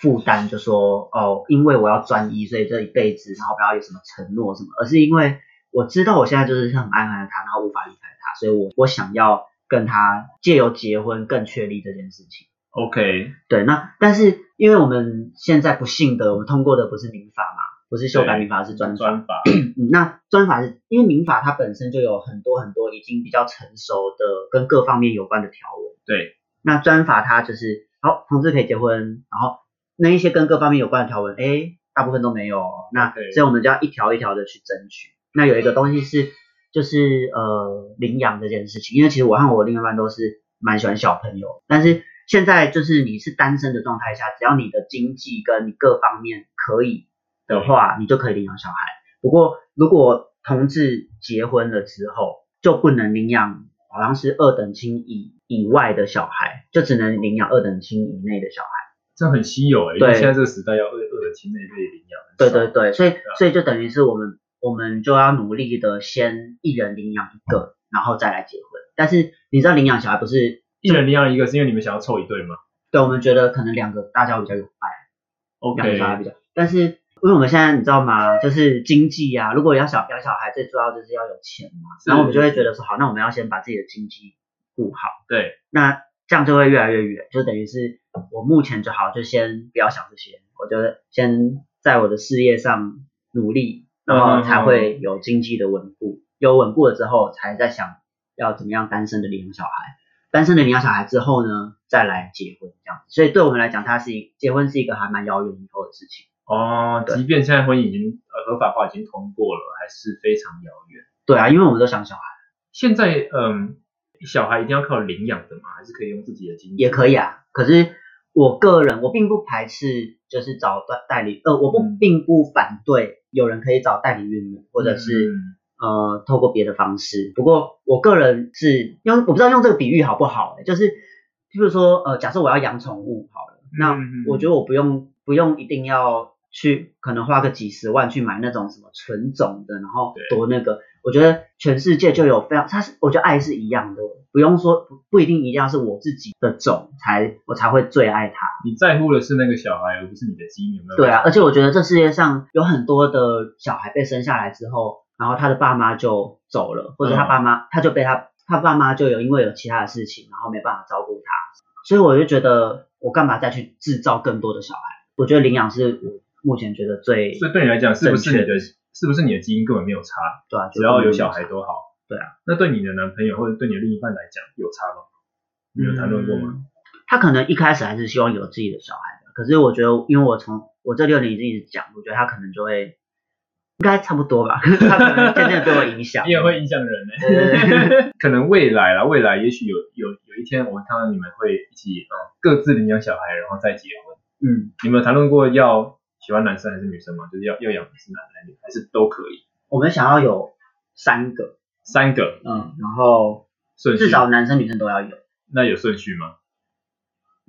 負擔，就說哦，因為我要專一，所以這一輩子，然後不要有什麼承諾什麼，而是因為我知道我現在就是很愛很愛他，然後無法離開他，所以我我想要跟他借由結婚更確立這件事情。OK，對，那但是因為我們現在不幸的，我們通過的不是民法嘛。不是修改民法，對而是專法，專法。 那專法是，因為民法它本身就有很多很多已經比較成熟的跟各方面有關的條文。對。那專法它就是，好、哦、同志可以結婚，然後那一些跟各方面有關的條文，哎，大部分都沒有。那所以我們就要一條一條的去爭取。那有一個東西是，對就是呃，領養這件事情，因為其實我和我另外一半都是蠻喜歡小朋友，但是現在就是你是單身的狀態下，只要你的經濟跟你各方面可以。的話，你就可以領養小孩。不過，如果同志結婚了之後就不能領養，好像是二等親以以外的小孩，就只能領養二等親以內的小孩。這很稀有哎、欸。對，因為現在這個時代要二二等對親內可以領養。對對對，對啊、所以所以就等於是我們我們就要努力的先一人領養一個，嗯、然後再來結婚。但是你知道領養小孩不是一人領養一個，是因為你們想要湊一對嗎？對，我們覺得可能兩個大家比較有愛，Okay 兩個小孩比較，但是。因為我們現在你知道嗎？就是經濟呀、啊，如果要小養小孩，最主要就是要有錢嘛、啊。然後我們就會覺得說，好，那我們要先把自己的經濟顧好。對，那這樣就會越來越遠，就等於是我目前就好，就先不要想這些。我就先在我的事業上努力，然後才會有經濟的穩固，嗯嗯嗯，有穩固了之後，才在想要怎麼樣單身的領養小孩，單身的領養小孩之後呢，再來結婚這樣。所以對我們來講他，它是一結婚是一個還蠻遙遠以後的事情。哦，對即便現在婚姻已經呃合法化，已經通過了，還是非常遙遠。對啊，因為我們都想小孩。現在嗯，小孩一定要靠領養的嘛，還是可以用自己的精子？也可以啊。可是我個人，我並不排斥，就是找代理，呃，我不，嗯，並不反對有人可以找代理孕母，或者是，嗯，呃，透過別的方式。不過我個人是用，我不知道用這個比喻好不好，欸？就是，譬如說呃，假設我要養寵物好了，那我覺得我不用，嗯，哼不用一定要。去可能花個幾十萬去買那種什麼純種的，然後多那個，對我覺得全世界就有非常，他是我覺得愛是一樣的，不用說不不一定一定要是我自己的種才我才會最愛他。你在乎的是那個小孩，而不是你的基因有沒有？對啊，而且我覺得這世界上有很多的小孩被生下來之後，然後他的爸媽就走了，或者他爸媽、嗯、他就被他他爸媽就有因為有其他的事情，然後沒辦法照顧他，所以我就覺得我幹嘛再去製造更多的小孩？我覺得領養是我。嗯目前覺得最，所以對你來講，是不是你的，是不是你的基因根本沒有差？對啊，只要有小孩都好。對啊，那對你的男朋友或者對你的另一半來講有差嗎？你有談論過嗎？嗯，他可能一開始還是希望有自己的小孩的，可是我覺得，因為我從我這六年一直講，我覺得他可能就會，應該差不多吧。他可能真的被我影響，你 也會影響人呢。對對對，可能未來啦，未來也許有有有一天，我們看到你們會一起，各自領養小孩，然後再結婚。嗯，你們有談論過要？喜歡男生還是女生嗎？就是要要養是男男女的還是都可以？我們想要有三個，三個，嗯，然後順序至少男生女生都要有。那有順序嗎？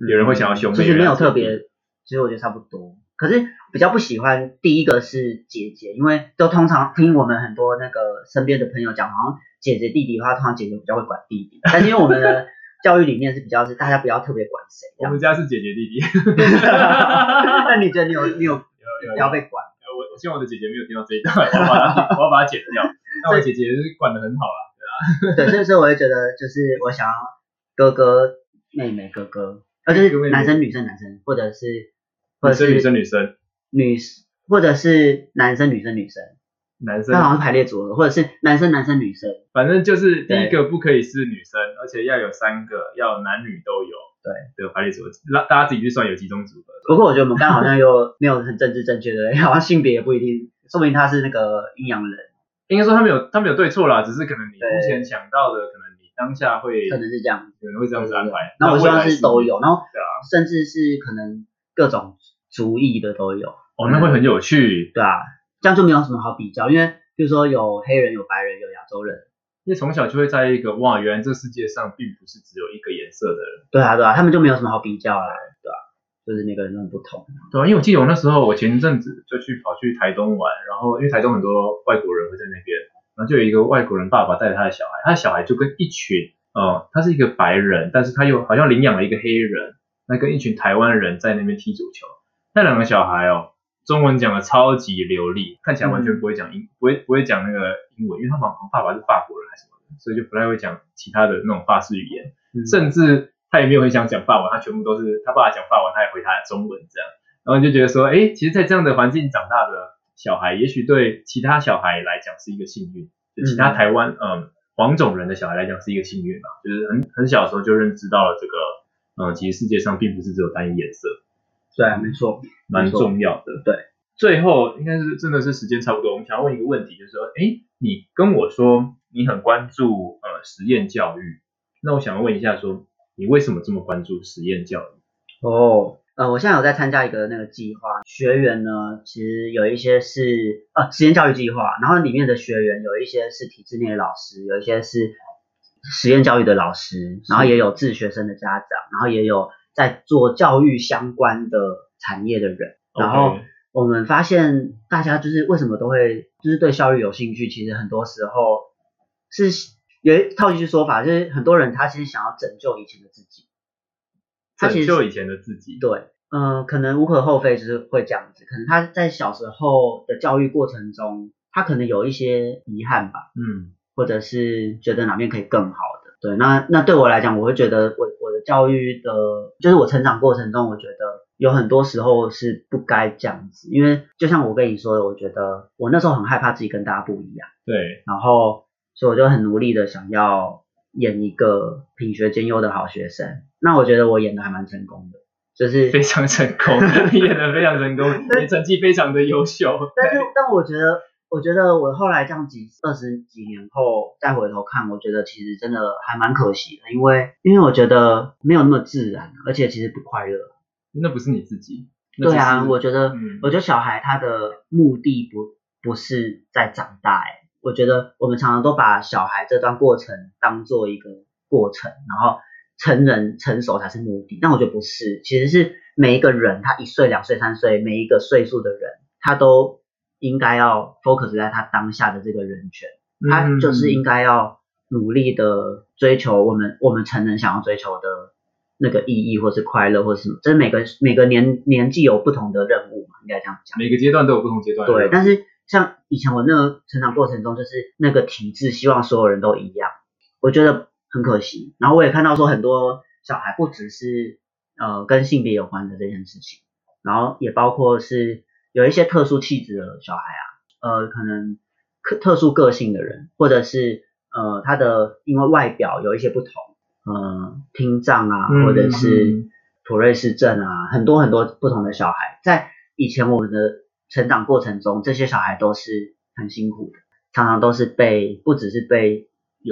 嗯、有人會想要兄妹？其實沒有特別，修其實我覺得差不多。可是比較不喜歡第一個是姐姐，因為都通常聽我們很多那個身邊的朋友講，好像姐姐弟弟的話，通常姐姐比較會管弟弟。但是因為我們的教育裡面是比較是 大家不要特別管誰。我們家是姐姐弟弟，那 你覺得你有你有？不要被管。我我希望我的姐姐沒有聽到這一段，我要把它，我要把它剪掉。那我姐姐就是管的很好啦，啊。對啊，對，所以說我會覺得就是我想要哥哥妹妹哥哥，啊，就是男生妹妹女生，女生男生，或者是或者是女生女生女生或，或者是男生女生女生，男生。那好像排列組合，或者是男生男生女生。反正就是第一個不可以是女生，對，而且要有三個，要男女都有。對對，排列組合，那大家自己去算有幾種組合。不過我覺得我們剛剛好像又沒有很政治正確的，好像性別也不一定，說不定他是那個陰陽人。應該說他沒有他沒有對錯啦，只是可能你目前想到的，可能你當下會可能是這樣，可能會這樣子安排。那我希望是都有，然後甚至是可能各種族裔的都有。哦，那會很有趣，對啊，這樣就沒有什麼好比較，因為比如說有黑人、有白人、有亞洲人。因為從小就會在一個哇，原來這世界上並不是只有一個顏色的人。對啊，對啊，他們就沒有什麼好比較啦，對啊，就是那個人種不同。對啊，因為我記得我那時候，我前一陣子就去跑去台東玩，然後因為台東很多外國人會在那邊，然後就有一個外國人爸爸帶着他的小孩，他的小孩就跟一群，哦、嗯，他是一個白人，但是他又好像領養了一個黑人，那跟一群台灣人在那邊踢足球，那兩個小孩哦。中文講的超級流利，看起來完全不會講英，嗯、不會不會講那個英文，因為他好像爸爸是法國人還是什麼，所以就不太會講其他的那種法式語言，嗯、甚至他也沒有很想講法文，他全部都是他爸爸講法文，他也回他中文這樣，然後就覺得說，哎，其實，在這樣的環境長大的小孩，也許對其他小孩來講是一個幸運，其他台灣嗯黃、嗯嗯、種人的小孩來講是一個幸運嘛，就是很很小的時候就認知到了這個，嗯，其實世界上並不是只有單一顏色。對沒錯，沒錯蠻重要的。對，最後應該是真的是時間差不多，我們想要問一個問題，就是說，哎，你跟我說你很關注呃實驗教育，那我想要問一下說，說你為什麼這麼關注實驗教育？哦，呃，我現在有在參加一個那個計劃，學員呢，其實有一些是呃實驗教育計劃，然後裡面的學員有一些是體制內的老師，有一些是實驗教育的老師，然後也有自學生的家長，是然後也有。在做教育相關的產業的人，Okay. 然後我們發現大家就是為什麼都會就是對教育有興趣，其實很多時候是有一套一句說法，就是很多人他其實想要拯救以前的自己，他其實拯救以前的自己，對，嗯、呃，可能無可厚非，就是會這樣子，可能他在小時候的教育過程中，他可能有一些遺憾吧，嗯，或者是覺得哪邊可以更好的，對，那那對我來講，我會覺得我。教育的，就是我成長過程中，我覺得有很多時候是不該這樣子，因為就像我跟你說的，我覺得我那時候很害怕自己跟大家不一樣，對，然後所以我就很努力的想要演一個品學兼優的好學生，那我覺得我演的還蠻成功的，就是非常成功，你 演的非常成功，你對成績非常的優秀，但是但我覺得。我覺得我後來這樣幾二十幾年後再回頭看，我覺得其實真的還蠻可惜的，因為因為我覺得沒有那麼自然，而且其實不快樂。那不是你自己？對啊，我覺得，嗯、我覺得小孩他的目的不不是在長大哎、欸。我覺得我們常常都把小孩這段過程當做一個過程，然後成人成熟才是目的。但我覺得不是，其實是每一個人他一歲、兩歲、三歲，每一個歲數的人他都。應該要 focus 在他當下的這個人權，他就是應該要努力的追求我們我們成人想要追求的那個意義，或是快樂，或是什麼。這每個每個年年紀有不同的任務嘛，應該這樣講。每個階段都有不同階段的。對，但是像以前我那個成長過程中，就是那個體制希望所有人都一樣，我覺得很可惜。然後我也看到說很多小孩不只是呃跟性別有關的這件事情，然後也包括是。有一些特殊氣質的小孩啊，呃，可能特特殊個性的人，或者是呃，他的因為外表有一些不同，嗯、呃，聽障啊，或者是妥瑞氏症啊，嗯嗯嗯，很多很多不同的小孩，在以前我們的成長過程中，這些小孩都是很辛苦的，常常都是被，不只是被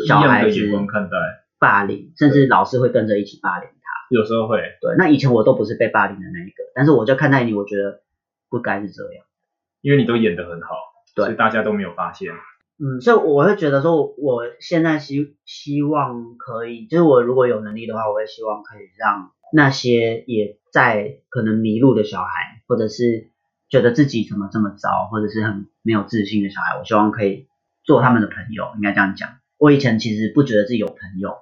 小孩子看待霸凌，甚至老師會跟着一起霸凌他。有時候會，對，那以前我都不是被霸凌的那一個，但是我就看待你，我覺得。不該是這樣，因為你都演得很好，對所以大家都沒有發現。嗯，所以我會覺得說，我現在希希望可以，就是我如果有能力的話，我會希望可以讓那些也在可能迷路的小孩，或者是覺得自己怎麼這麼糟，或者是很沒有自信的小孩，我希望可以做他們的朋友，應該這樣講。我以前其實不覺得自己有朋友，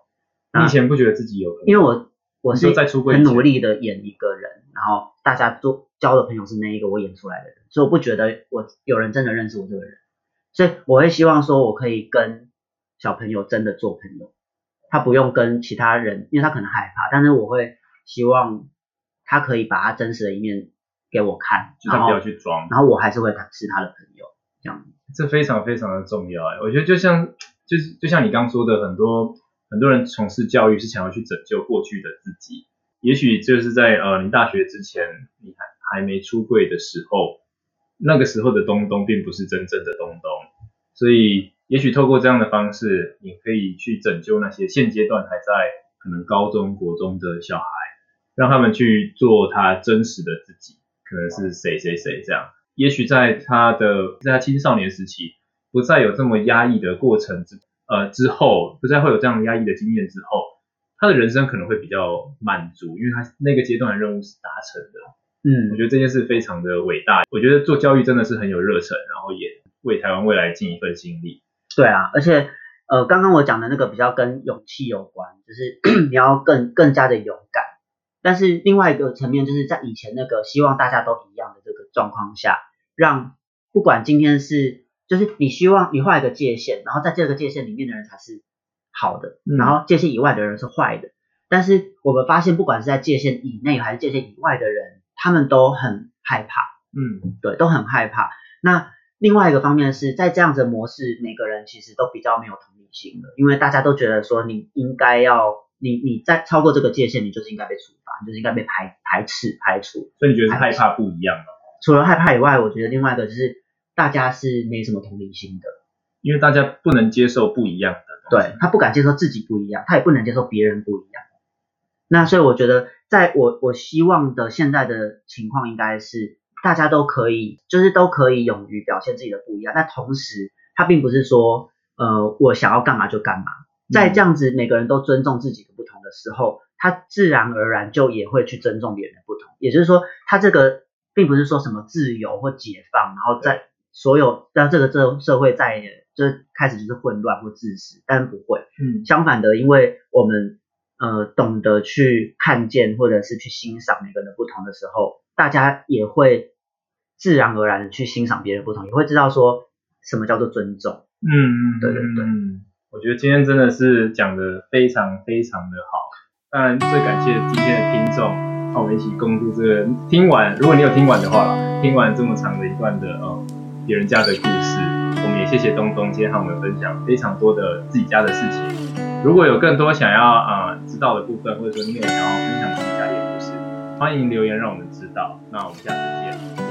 你以前不覺得自己有朋友？因為我我是很努力的演一個人，然後大家都。交的朋友是那一個我演出來的人，所以我不覺得我有人真的認識我這個人，所以我會希望說我可以跟小朋友真的做朋友，他不用跟其他人，因為他可能害怕，但是我會希望他可以把他真實的一面給我看，然後就他不要去裝，然後我還是會是他的朋友這樣。這非常非常的重要哎，我覺得就像就是就像你剛剛說的，很多很多人從事教育是想要去拯救過去的自己，也許就是在呃你大學之前你看。還沒出櫃的時候，那個時候的東東並不是真正的東東，所以也許透過這樣的方式，你可以去拯救那些現階段還在，可能高中、國中的小孩，讓他們去做他真實的自己，可能是誰誰誰這樣。哇也許在他的，在他青少年時期不再有這麼壓抑的過程之，呃之後不再會有這樣壓抑的經驗之後，他的人生可能會比較滿足，因為他那個階段的任務是達成的。嗯，我覺得這件事非常的偉大。我覺得做教育真的是很有熱忱，然後也為台灣未來盡一份心力。對啊，而且呃，剛剛我講的那個比較跟勇氣有關，就是 你要更更加的勇敢。但是另外一個層面，就是在以前那個希望大家都一樣的這個狀況下，讓不管今天是就是你希望你畫一個界限，然後在這個界限裡面的人才是好的，嗯、然後界限以外的人是壞的。但是我們發現，不管是在界限以內還是界限以外的人。他們都很害怕，嗯，對，都很害怕。那另外一個方面是在這樣子的模式，每個人其實都比較沒有同理心的，因為大家都覺得說你應該要你你在超過這個界限，你就是應該被處罰，你就是應該被排排斥排除。所以你覺得是害怕不一樣嗎？除除了害怕以外，我覺得另外一個就是大家是沒什麼同理心的，因為大家不能接受不一樣的。對，他不敢接受自己不一樣，他也不能接受別人不一樣。那所以我覺得，在我我希望的現在的情況，應該是大家都可以，就是都可以勇於表現自己的不一樣。但同時，他並不是說，呃，我想要幹嘛就幹嘛。在這樣子，每個人都尊重自己的不同的時候，他自然而然就也會去尊重別人的不同。也就是說，他這個並不是說什麼自由或解放，然後在所有讓這個社社會在就是開始就是混亂或自私，當然不會。嗯，相反的，因為我們。呃，懂得去看見或者是去欣賞每個人的不同的時候，大家也會自然而然的去欣賞別人不同，也會知道說什麼叫做尊重。嗯嗯，對對對、嗯，我覺得今天真的是講得非常非常的好。當然，最感謝今天的聽眾，和我們一起共度這個聽完。如果你有聽完的話，聽完這麼長的一段的呃、哦、別人家的故事，我們也謝謝東東今天和我們分享非常多的自己家的事情。如果有更多想要啊、呃、知道的部分，或者說你有想要分享給你家裡的故事，歡迎留言讓我們知道。那我們下次見。